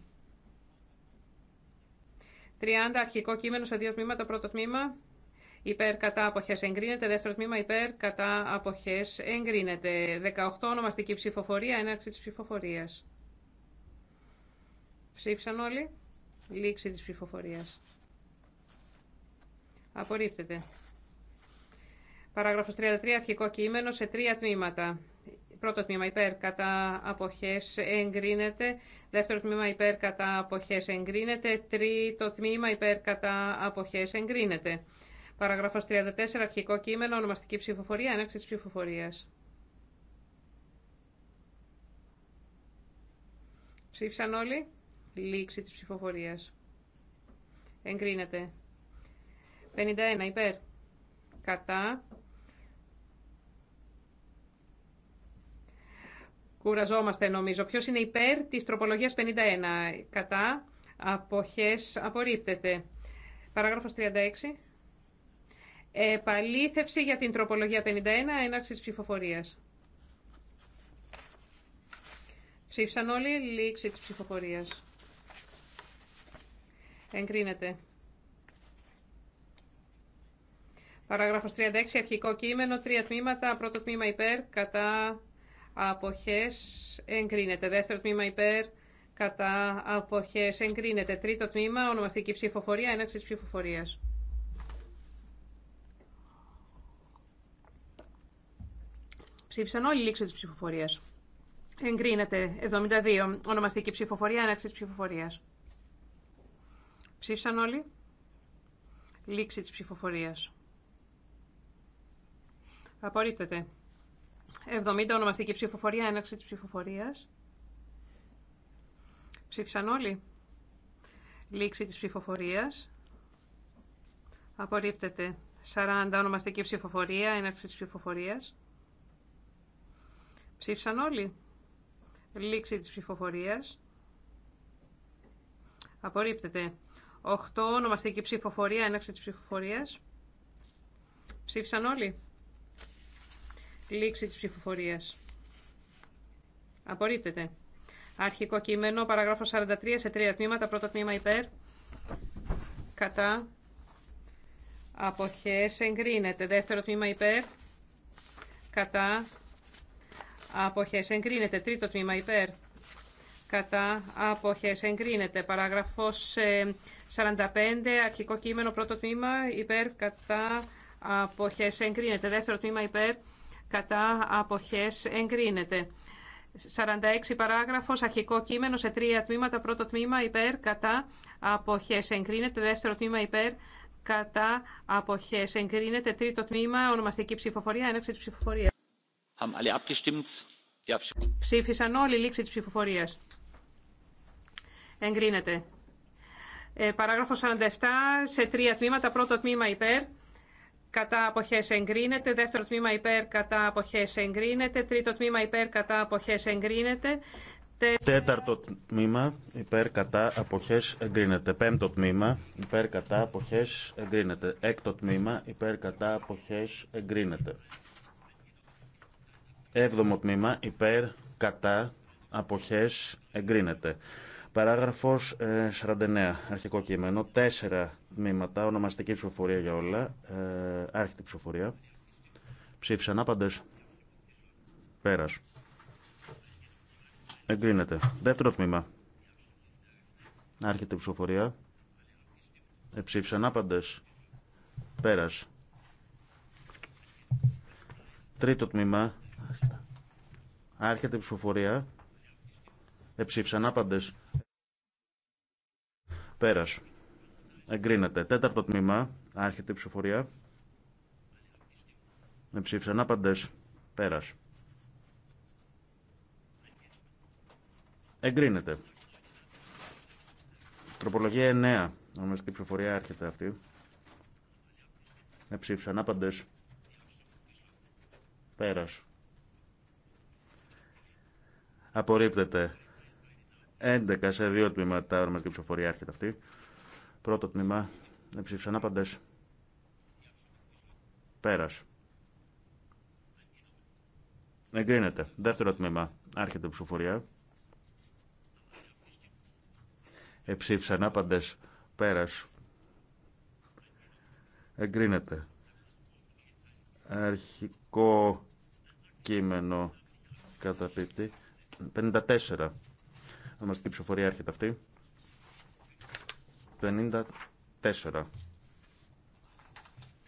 30 αρχικό κείμενο σε δύο τμήματα, πρώτο τμήμα υπέρ κατά αποχές εγκρίνεται. Δεύτερο τμήμα υπέρ κατά αποχές εγκρίνεται. 18 ονομαστική ψηφοφορία, έναρξη της ψηφοφορίας. Ψήφισαν όλοι. Λήξη της ψηφοφορίας. Απορρίπτεται. Παράγραφος 33, αρχικό κείμενο σε τρία τμήματα. Πρώτο τμήμα υπέρ κατά αποχές εγκρίνεται. Δεύτερο τμήμα υπέρ κατά αποχές εγκρίνεται. Τρίτο τμήμα υπέρ κατά αποχές εγκρίνεται. Παραγράφος 34, αρχικό κείμενο, ονομαστική ψηφοφορία, έναρξη τη ψηφοφορία. Ψήφισαν όλοι. Λήξη τη ψηφοφορία. Εγκρίνεται. 51 υπέρ. Κατά. Κουραζόμαστε νομίζω. Ποιος είναι υπέρ της τροπολογίας 51. Κατά. Αποχές απορρίπτεται. Παράγραφος 36. Επαλήθευση για την τροπολογία 51, έναρξη ψηφοφορίας. Ψήφισαν όλοι, λήξη της ψηφοφορίας. Εγκρίνεται. Παράγραφος 36, αρχικό κείμενο, τρία τμήματα, πρώτο τμήμα υπέρ, κατά αποχές, εγκρίνεται. Δεύτερο τμήμα υπέρ, κατά αποχές, εγκρίνεται. Τρίτο τμήμα, ονομαστική ψηφοφορία, έναρξη ψηφοφορίας. Ψήφισαν όλοι λήξη τη ψηφοφορία. Εγκρίνεται 72. Ονομαστική ψηφοφορία, έναρξη τη ψηφοφορία. Ψήφισαν όλοι. Λήξη τη ψηφοφορία. Απορρίπτεται. 70. Ονομαστική ψηφοφορία, έναρξη τη ψηφοφορίας. Ψήφισαν όλοι. Λήξη τη ψηφοφορία. Απορρίπτεται. 40. Ονομαστική ψηφοφορία, έναρξη τη ψηφοφορία. Ψήφισαν όλοι. Λήξη της ψηφοφορίας. Απορρίπτεται. 8. Ονομαστική ψηφοφορία. Έναξη της ψηφοφορίας. Ψήφισαν όλοι. Λήξη της ψηφοφορίας. Απορρίπτεται. Αρχικό κείμενο, παραγράφος 43 σε τρία τμήματα. Πρώτο τμήμα υπέρ. Κατά. Αποχές εγκρίνεται. Δεύτερο τμήμα υπέρ. Κατά αποχές εγκρίνεται. Τρίτο τμήμα υπέρ κατά αποχές εγκρίνεται. Παράγραφος 45, ε, αρχικό κείμενο, πρώτο τμήμα υπέρ κατά αποχές εγκρίνεται. Δεύτερο τμήμα υπέρ κατά αποχές εγκρίνεται. 46 παράγραφος, αρχικό κείμενο σε τρία τμήματα. Πρώτο τμήμα υπέρ, κατά, αποχές εγκρίνεται. Δεύτερο τμήμα υπέρ, κατά, αποχές εγκρίνεται. Τρίτο τμήμα, ονομαστική ψηφοφορία, έναξη της ψηφοφορίας. Ψήφισαν όλοι λήξη της ψηφοφορίας. Εγκρίνεται. Ε, παράγραφος 47 σε τρία τμήματα. Πρώτο τμήμα υπέρ. Κατά αποχές εγκρίνεται. Δεύτερο τμήμα υπέρ. Κατά αποχές εγκρίνεται. Τρίτο τμήμα υπέρ. Κατά αποχές εγκρίνεται. Τέταρτο τμήμα υπέρ κατά αποχέ εγκρίνεται. Πέμπτο τμήμα υπέρ κατά αποχέ εγκρίνεται. Έκτο τμήμα υπέρ κατά αποχέ εγκρίνεται. Έβδομο τμήμα υπέρ, κατά, αποχές, εγκρίνεται. Παράγραφος 49, ε, αρχικό κείμενο, τέσσερα τμήματα, ονομαστική ψηφοφορία για όλα, ε, άρχιτη ψηφοφορία. Ψήφισαν άπαντες. Πέρας. Εγκρίνεται. Δεύτερο τμήμα. Άρχεται ψηφοφορία. Ε, ψήφισαν άπαντες. Πέρας. Τρίτο τμήμα. Άρχεται η ψηφοφορία. Εψήφισαν άπαντε. Πέρα. Εγκρίνεται. Τέταρτο τμήμα. Άρχεται η ψηφοφορία. Εψήφισαν άπαντε. Πέρα. Εγκρίνεται. Τροπολογία 9. η ψηφοφορία έρχεται αυτή. Εψήφισαν άπαντε. Πέρας. Απορρίπτεται. 11 σε δύο τμήματα και ψηφοφορία έρχεται αυτή. Πρώτο τμήμα. Εψήφισαν άπαντες. Πέρας. Εγκρίνεται. Δεύτερο τμήμα. Άρχεται η ψηφοφορία. Εψήφισαν άπαντες. Πέρας. Εγκρίνεται. Αρχικό κείμενο καταπίπτει. 54. Ονομαστική ψηφοφορία έρχεται αυτή. 54.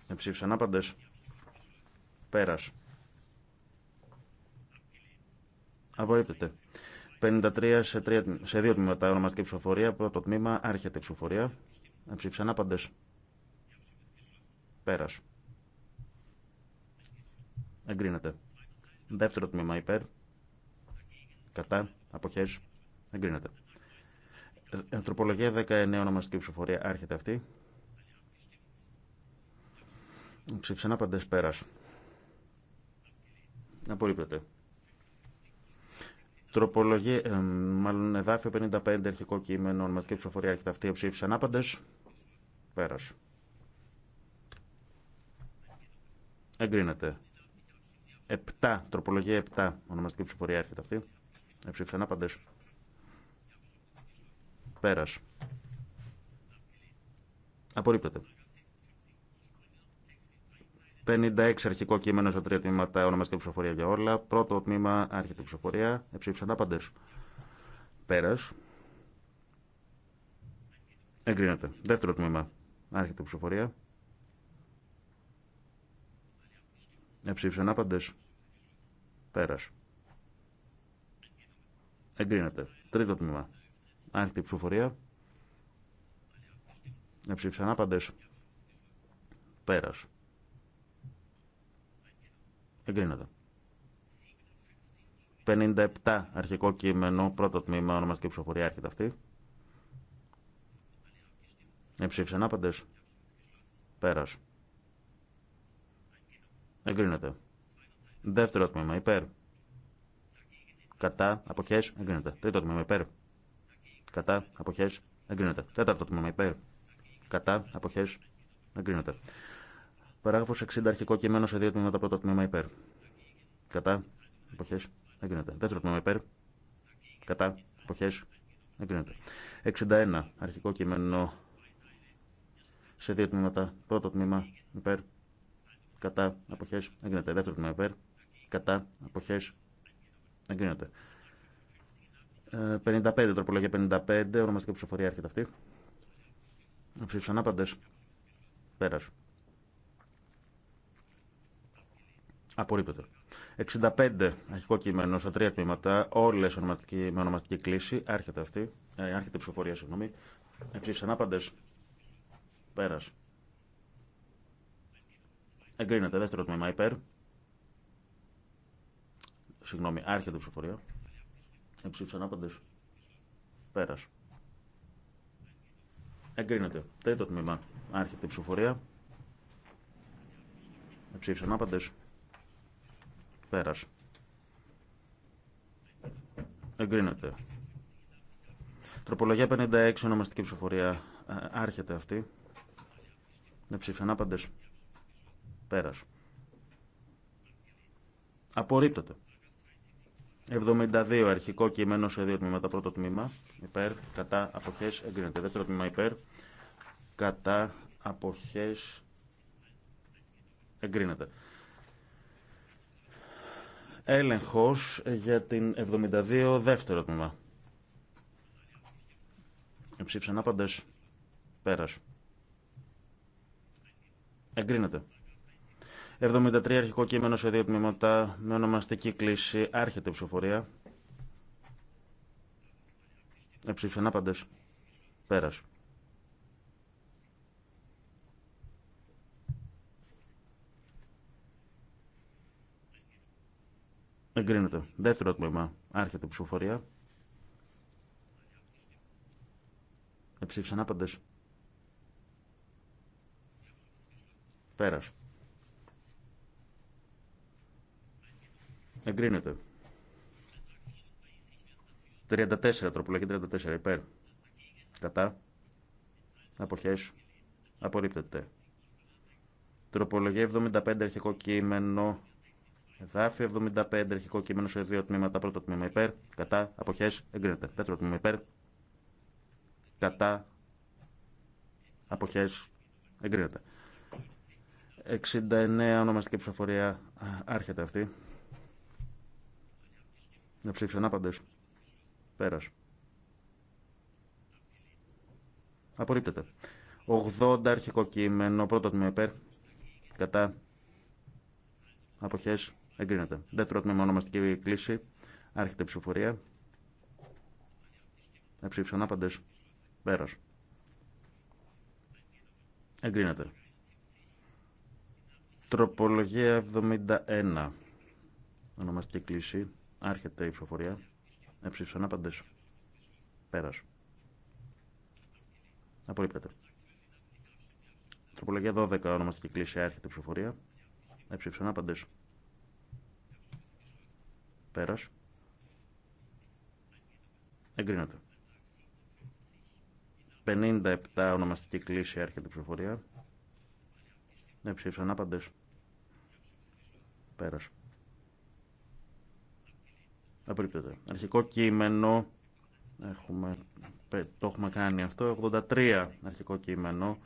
Εψήφισαν άπαντες. Πέρας. Απορρίπτεται. 53 σε, 3, δύο τμήματα ονομαστική ψηφοφορία. Πρώτο τμήμα άρχεται η ψηφοφορία. Εψήφισαν άπαντες. Πέρας. Εγκρίνεται. Δεύτερο τμήμα υπέρ. Κατά. χέρι. Εγκρίνεται. Ε, τροπολογία 19 ονομαστική ψηφοφορία. Άρχεται αυτή. να απαντές πέρα. Απορρίπτεται. Τροπολογία, ε, μάλλον εδάφιο 55, αρχικό κείμενο, ονομαστική ψηφοφορία, έρχεται αυτή, ψήφισαν άπαντες. Πέρα. Εγκρίνεται. 7, τροπολογία 7, ονομαστική ψηφοφορία, έρχεται αυτή. Εψήφισαν παντέ. Πέρας. Απορρίπτεται. 56 αρχικό κείμενο στα τρία τμήματα, ονομαστική ψηφοφορία για όλα. Πρώτο τμήμα, άρχεται ψηφοφορία. Εψήφισαν άπαντε. Πέρα. Εγκρίνεται. Δεύτερο τμήμα, άρχεται ψηφοφορία. Εψήφισαν άπαντε. Πέρα. Εγκρίνεται. Τρίτο τμήμα. Άρχεται η ψηφοφορία. Εψήφισαν άπαντε. Πέρα. Εγκρίνεται. 57 αρχικό κείμενο, πρώτο τμήμα, ονομαστική ψηφοφορία, έρχεται αυτή. Εψήφισαν άπαντε. Πέρα. Εγκρίνεται. Δεύτερο τμήμα, υπέρ. Κατά αποχέ εγκρίνεται. Τρίτο τμήμα υπέρ. Κατά αποχέ εγκρίνεται. Τέταρτο τμήμα υπέρ. Κατά αποχέ εγκρίνεται. Παράγραφο 60 αρχικό κείμενο σε δύο τμήματα. Πρώτο τμήμα υπέρ. Κατά αποχέ εγκρίνεται. Δεύτερο τμήμα υπέρ. Κατά αποχέ εγκρίνεται. 61 αρχικό κείμενο σε δύο τμήματα. Πρώτο τμήμα υπέρ. Κατά αποχέ εγκρίνεται. Δεύτερο τμήμα υπέρ. Κατά αποχέ Εγκρίνεται. 55, ε, τροπολογία 55, ονομαστική ψηφοφορία έρχεται αυτή. ψήφισε ανάπαντε. Πέρας. Απορρίπτεται. 65 αρχικό κείμενο στα τρία τμήματα, όλε με ονομαστική κλίση. έρχεται αυτή. Ε, έρχεται η ψηφοφορία, συγγνώμη. Ψήφισε ανάπαντε. Πέρα. Εγκρίνεται. Δεύτερο τμήμα υπέρ. Συγγνώμη, άρχεται η ψηφοφορία. Εψήφισαν άπαντε. Πέρα. Εγκρίνεται. Τρίτο τμήμα. Άρχεται η ψηφοφορία. Εψήφισαν άπαντε. Πέρα. Εγκρίνεται. Τροπολογία 56, ονομαστική ψηφοφορία. Ε, άρχεται αυτή. Εψήφισαν άπαντε. Πέρα. Απορρίπτεται. 72 αρχικό κείμενο σε δύο τμήματα. Πρώτο τμήμα υπέρ, κατά αποχές εγκρίνεται. Δεύτερο τμήμα υπέρ, κατά αποχές εγκρίνεται. Έλεγχο για την 72 δεύτερο τμήμα. Εψήφισαν άπαντε. πέρασε Εγκρίνεται. 73 αρχικό κείμενο σε δύο τμήματα με ονομαστική κλίση. Άρχεται η ψηφοφορία. Εψήφισαν άπαντε. Πέρα. Εγκρίνεται. Δεύτερο τμήμα. Άρχεται η ψηφοφορία. Εψήφισαν άπαντε. Πέρας. Εγκρίνεται. 34, τροπολογία 34, υπέρ. Κατά. Αποχές. Απορρίπτεται. Τροπολογία 75, αρχικό κείμενο. Εδάφη 75, αρχικό κείμενο σε δύο τμήματα. Πρώτο τμήμα υπέρ. Κατά. Αποχές. Εγκρίνεται. Δεύτερο τμήμα υπέρ. Κατά. Αποχές. Εγκρίνεται. 69 ονομαστική ψηφοφορία. Άρχεται αυτή να ψήφισαν Πέρας. Απορρίπτεται. 80 αρχικό κείμενο, πρώτο τμήμα υπέρ. Κατά. Αποχές. Εγκρίνεται. Δεύτερο τμήμα ονομαστική κλίση. Άρχεται ψηφοφορία. Εψήφισαν άπαντες. Πέρας. Εγκρίνεται. Τροπολογία 71. Ονομαστική κλίση. Άρχεται η ψηφοφορία. Εψήφισαν άπαντε. Πέρασε. Απορρίπτεται. Τροπολογία 12 ονομαστική κλίση. Άρχεται η ψηφοφορία. Εψήφισαν άπαντε. Πέρα. Εγκρίνεται. 57 ονομαστική κλίση. Άρχεται η ψηφοφορία. Εψήφισαν άπαντε. Πέρασε. Απορρίπτεται. Αρχικό κείμενο. Έχουμε, το έχουμε κάνει αυτό. 83 αρχικό κείμενο.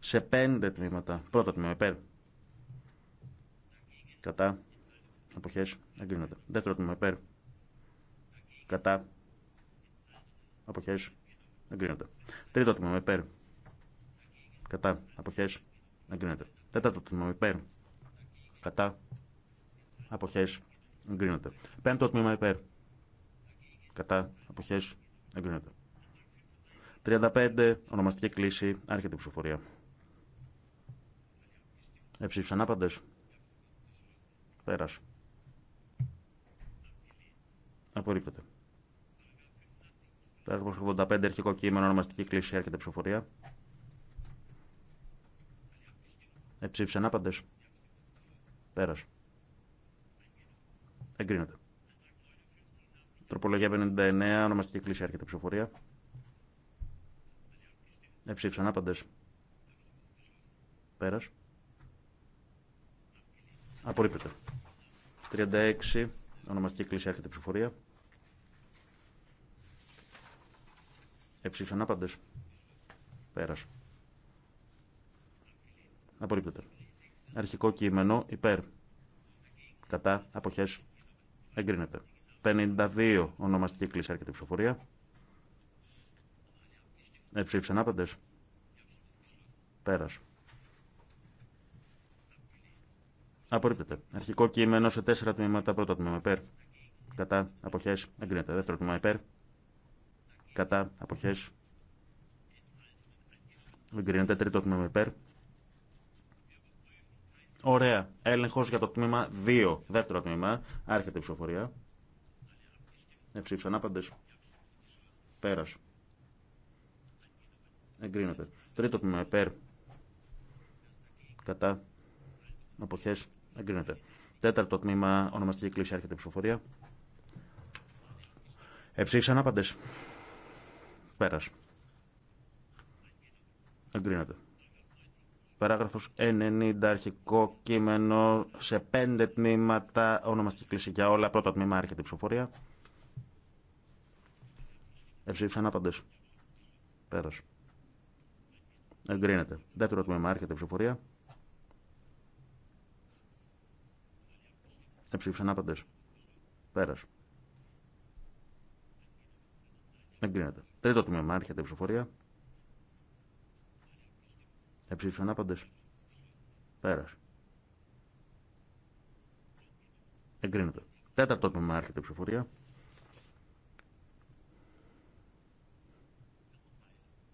Σε πέντε τμήματα. Πρώτο τμήμα υπέρ. Κατά. Αποχές. εγκρίνονται. Δεύτερο τμήμα υπέρ. Κατά. Αποχές. εγκρίνονται. Τρίτο τμήμα υπέρ. Κατά. Αποχές. εγκρίνονται. Τέταρτο τμήμα υπέρ. Κατά. Αποχές. Εγκρίνεται. Πέμπτο τμήμα υπέρ. Κατά αποχέ. Εγκρίνεται. 35. Ονομαστική κλίση. Άρχεται η ψηφοφορία. Εψήφισαν άπαντε. Πέρασε. Απορρίπτεται. Πέρασε 85. Αρχικό κείμενο. Ονομαστική κλίση. Άρχεται η ψηφοφορία. Εψήφισαν άπαντε. Πέρασε. Εγκρίνεται. Τροπολογία 59, ονομαστική κλίση, έρχεται ψηφοφορία. Εψήφισαν άπαντε. Πέρα. Απορρίπτεται. 36, ονομαστική κλίση, έρχεται ψηφοφορία. Εψήφισαν άπαντε. Πέρα. Απορρίπτεται. Αρχικό κείμενο υπέρ. Κατά. Αποχές. Εγκρίνεται. 52 ονομαστική κλίση αρκετή ψηφοφορία. Εψήφισαν άπαντες. Πέρας. Απορρίπτεται. Αρχικό κείμενο σε τέσσερα τμήματα. Πρώτο τμήμα υπέρ. Κατά. Αποχές. Εγκρίνεται. Δεύτερο τμήμα υπέρ. Κατά. Αποχές. Εγκρίνεται. Τρίτο τμήμα υπέρ. Ωραία. Έλεγχο για το τμήμα 2. Δεύτερο τμήμα. Άρχεται η ψηφοφορία. Εψήφισαν άπαντε. Πέρα. Εγκρίνεται. Τρίτο τμήμα. Επέρ. Κατά. Αποχέ. Εγκρίνεται. Τέταρτο τμήμα. Ονομαστική κλίση. Άρχεται η ψηφοφορία. Εψήφισαν άπαντε. Πέρα. Εγκρίνεται. Παράγραφος 90, αρχικό κείμενο, σε πέντε τμήματα, ονομαστική κλίση για όλα. Πρώτο τμήμα, άρχεται η ψηφοφορία. Εψήφισαν άπαντες. Πέρασε. Εγκρίνεται. Δεύτερο τμήμα, άρχεται η ψηφοφορία. Εψήφισαν άπαντες. Πέρασε. Εγκρίνεται. Τρίτο τμήμα, άρχεται η ψηφοφορία. Εψήφισαν άπαντες. Πέρας. Εγκρίνεται. Τέταρτο τμήμα έρχεται η ψηφοφορία.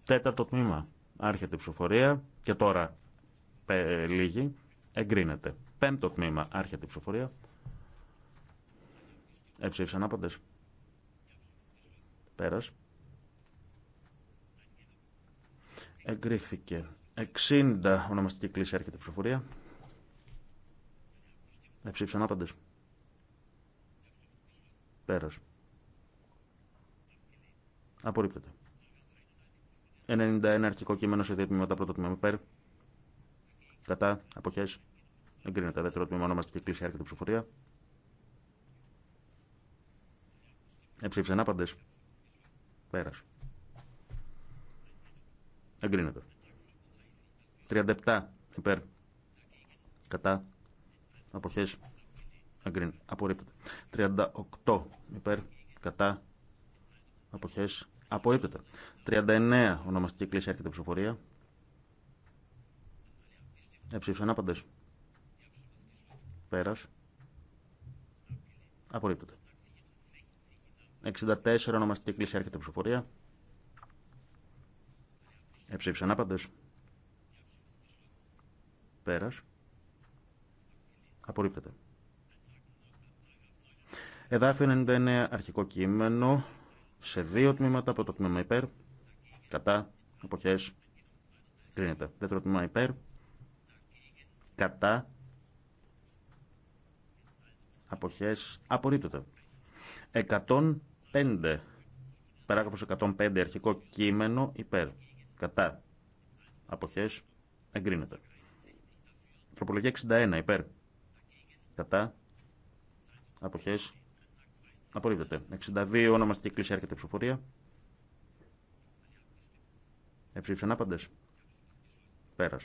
Τέταρτο τμήμα άρχεται η ψηφοφορία και τώρα πε, λίγη εγκρίνεται. Πέμπτο τμήμα άρχεται η ψηφοφορία. Εψήφισαν άπαντες. Πέρας. Εγκρίθηκε. 60 ονομαστική κλίση έρχεται η ψηφοφορία. Εψήφισαν άπαντε. Πέρας. Απορρίπτεται. 91 αρχικό κείμενο σε δύο τμήματα. Πρώτο τμήμα υπέρ. Κατά. Αποχέ. Εγκρίνεται. Δεύτερο τμήμα ονομαστική κλίση έρχεται η ψηφοφορία. Εψήφισαν άπαντε. Πέρας. Εγκρίνεται. 37 υπέρ. Κατά. Αποχές. Αγκρίν. Απορρίπτεται. 38 υπέρ. Κατά. Αποχές. Απορρίπτεται. 39 ονομαστική κλίση έρχεται ψηφοφορία. Εψήφισαν άπαντες. Πέρας. Απορρίπτεται. 64 ονομαστική κλίση έρχεται ψηφοφορία. Εψήφισαν άπαντες. Πέρας. Απορρίπτεται. Εδάφιο 99, αρχικό κείμενο, σε δύο τμήματα, πρώτο τμήμα υπέρ, κατά, εποχές, κρίνεται. Δεύτερο τμήμα υπέρ, κατά, αποχές, απορρίπτεται. 105, παράγραφος 105, αρχικό κείμενο υπέρ, κατά, αποχές, εγκρίνεται. Τροπολογία 61 υπέρ. Κατά. Αποχέ. Απορρίπτεται. 62 ονομαστική κλίση έρχεται ψηφοφορία. Εψήφισαν άπαντε. Πέρα.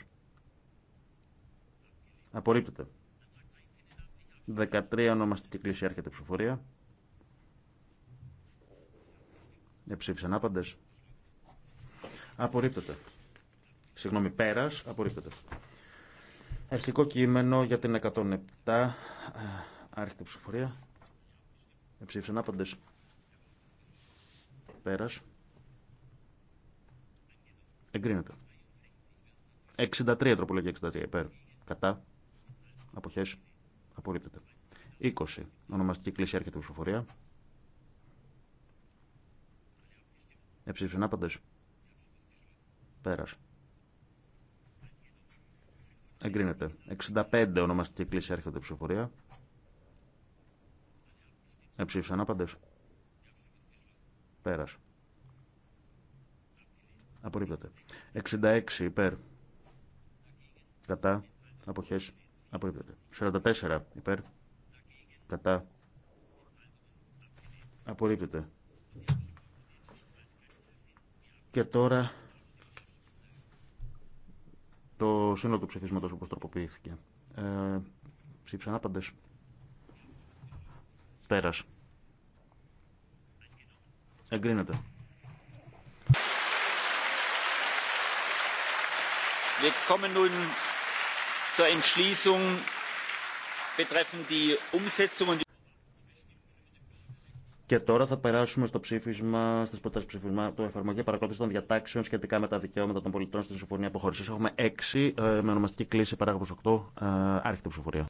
Απορρίπτεται. 13 ονομαστική κλίση έρχεται ψηφοφορία. Εψήφισαν άπαντε. Απορρίπτεται. Συγγνώμη, πέρα. Απορρίπτεται. Αρχικό κείμενο για την 107. Άρχεται ψηφοφορία. Εψήφισαν άπαντε. Πέρας. Εγκρίνεται. 63 τροπολογία 63 υπέρ. Κατά. Αποχές. Απορρίπτεται. 20. Ονομαστική κλίση έρχεται ψηφοφορία. Εψήφισαν άπαντε. Πέρας. Εγκρίνεται. 65 ονομαστική κλίση έρχεται ψηφοφορία. Εψήφισαν άπαντες. Πέρας. Απορρίπτεται. 66 υπέρ. Κατά. Αποχές. Απορρίπτεται. 44 υπέρ. Κατά. Απορρίπτεται. Και τώρα το σύνολο του ψηφίσματος όπως τροποποιήθηκε. Ε, ψήφισαν άπαντες. Πέρας. Εγκρίνεται. Wir kommen nun zur Entschließung betreffend die Umsetzung und και τώρα θα περάσουμε στο ψήφισμα, στι προτάσει ψήφισμα του εφαρμογή παρακολούθηση των διατάξεων σχετικά με τα δικαιώματα των πολιτών στην Συμφωνία Αποχώρηση. Έχουμε έξι ε, με ονομαστική κλίση, παράγραφο 8, ε, άρχιτη ψηφοφορία.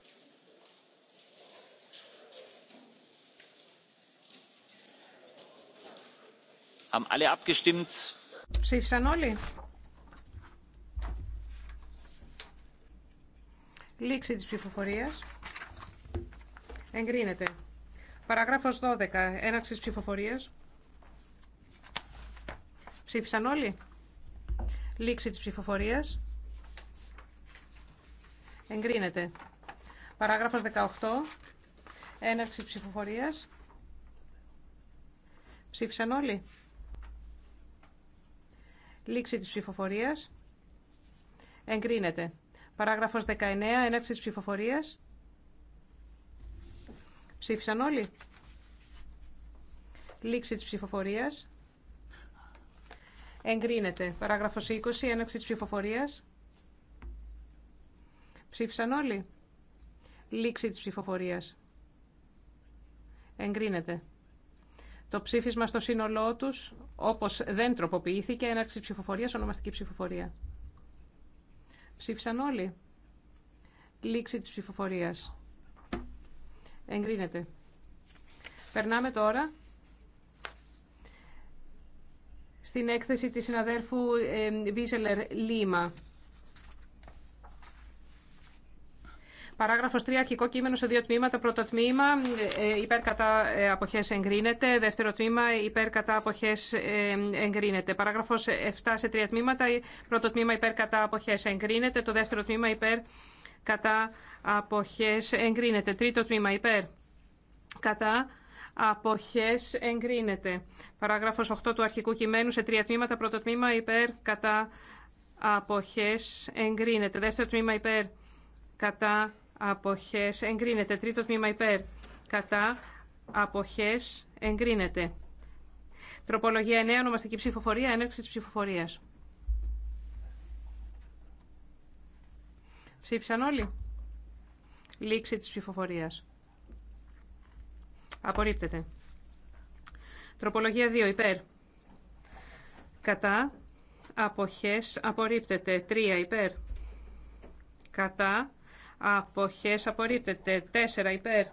Ψήφισαν όλοι. Λήξη της ψηφοφορίας. Εγκρίνεται. Παράγραφος 12. Έναρξη ψηφοφορία. Ψήφισαν όλοι. Λήξη τη ψηφοφορία. Εγκρίνεται. Παράγραφος 18. Έναρξη ψηφοφορίας. Ψήφισαν όλοι. Λήξη της ψηφοφορίας. Εγκρίνεται. Παράγραφος 19. Έναρξη ψηφοφορία. Ψήφισαν όλοι. Λήξη της ψηφοφορίας. Εγκρίνεται. Παράγραφος 20. Έναρξη της ψηφοφορίας. Ψήφισαν όλοι. Λήξη της ψηφοφορίας. Εγκρίνεται. Το ψήφισμα στο σύνολό τους, όπως δεν τροποποιήθηκε, έναρξη ψηφοφορίας, ονομαστική ψηφοφορία. Ψήφισαν όλοι. Λήξη της ψηφοφορίας. Εγκρίνεται. Περνάμε τώρα στην έκθεση της συναδέρφου ε, Βίζελερ Λίμα. Παράγραφος 3. Αρχικό κείμενο σε δύο τμήματα. Πρώτο τμήμα ε, ε, υπέρ κατά αποχές εγκρίνεται. Δεύτερο τμήμα υπέρ κατά αποχές εγκρίνεται. Παράγραφος 7 σε τρία τμήματα. Πρώτο τμήμα υπέρ κατά αποχές εγκρίνεται. Το δεύτερο τμήμα υπέρ κατά αποχές εγκρίνεται. Τρίτο τμήμα υπέρ κατά αποχές εγκρίνεται. Παράγραφος 8 του αρχικού κειμένου σε τρία τμήματα. Πρώτο τμήμα υπέρ κατά αποχές εγκρίνεται. Δεύτερο τμήμα υπέρ κατά αποχές εγκρίνεται. Τρίτο τμήμα υπέρ κατά αποχές εγκρίνεται. Τροπολογία 9, ονομαστική ψηφοφορία, έναρξη της ψηφοφορίας. Ψήφισαν όλοι. Λήξη της ψηφοφορίας. Απορρίπτεται. Τροπολογία 2. Υπέρ. Κατά. Αποχές. Απορρίπτεται. 3. Υπέρ. Κατά. Αποχές. Απορρίπτεται. 4. Υπέρ.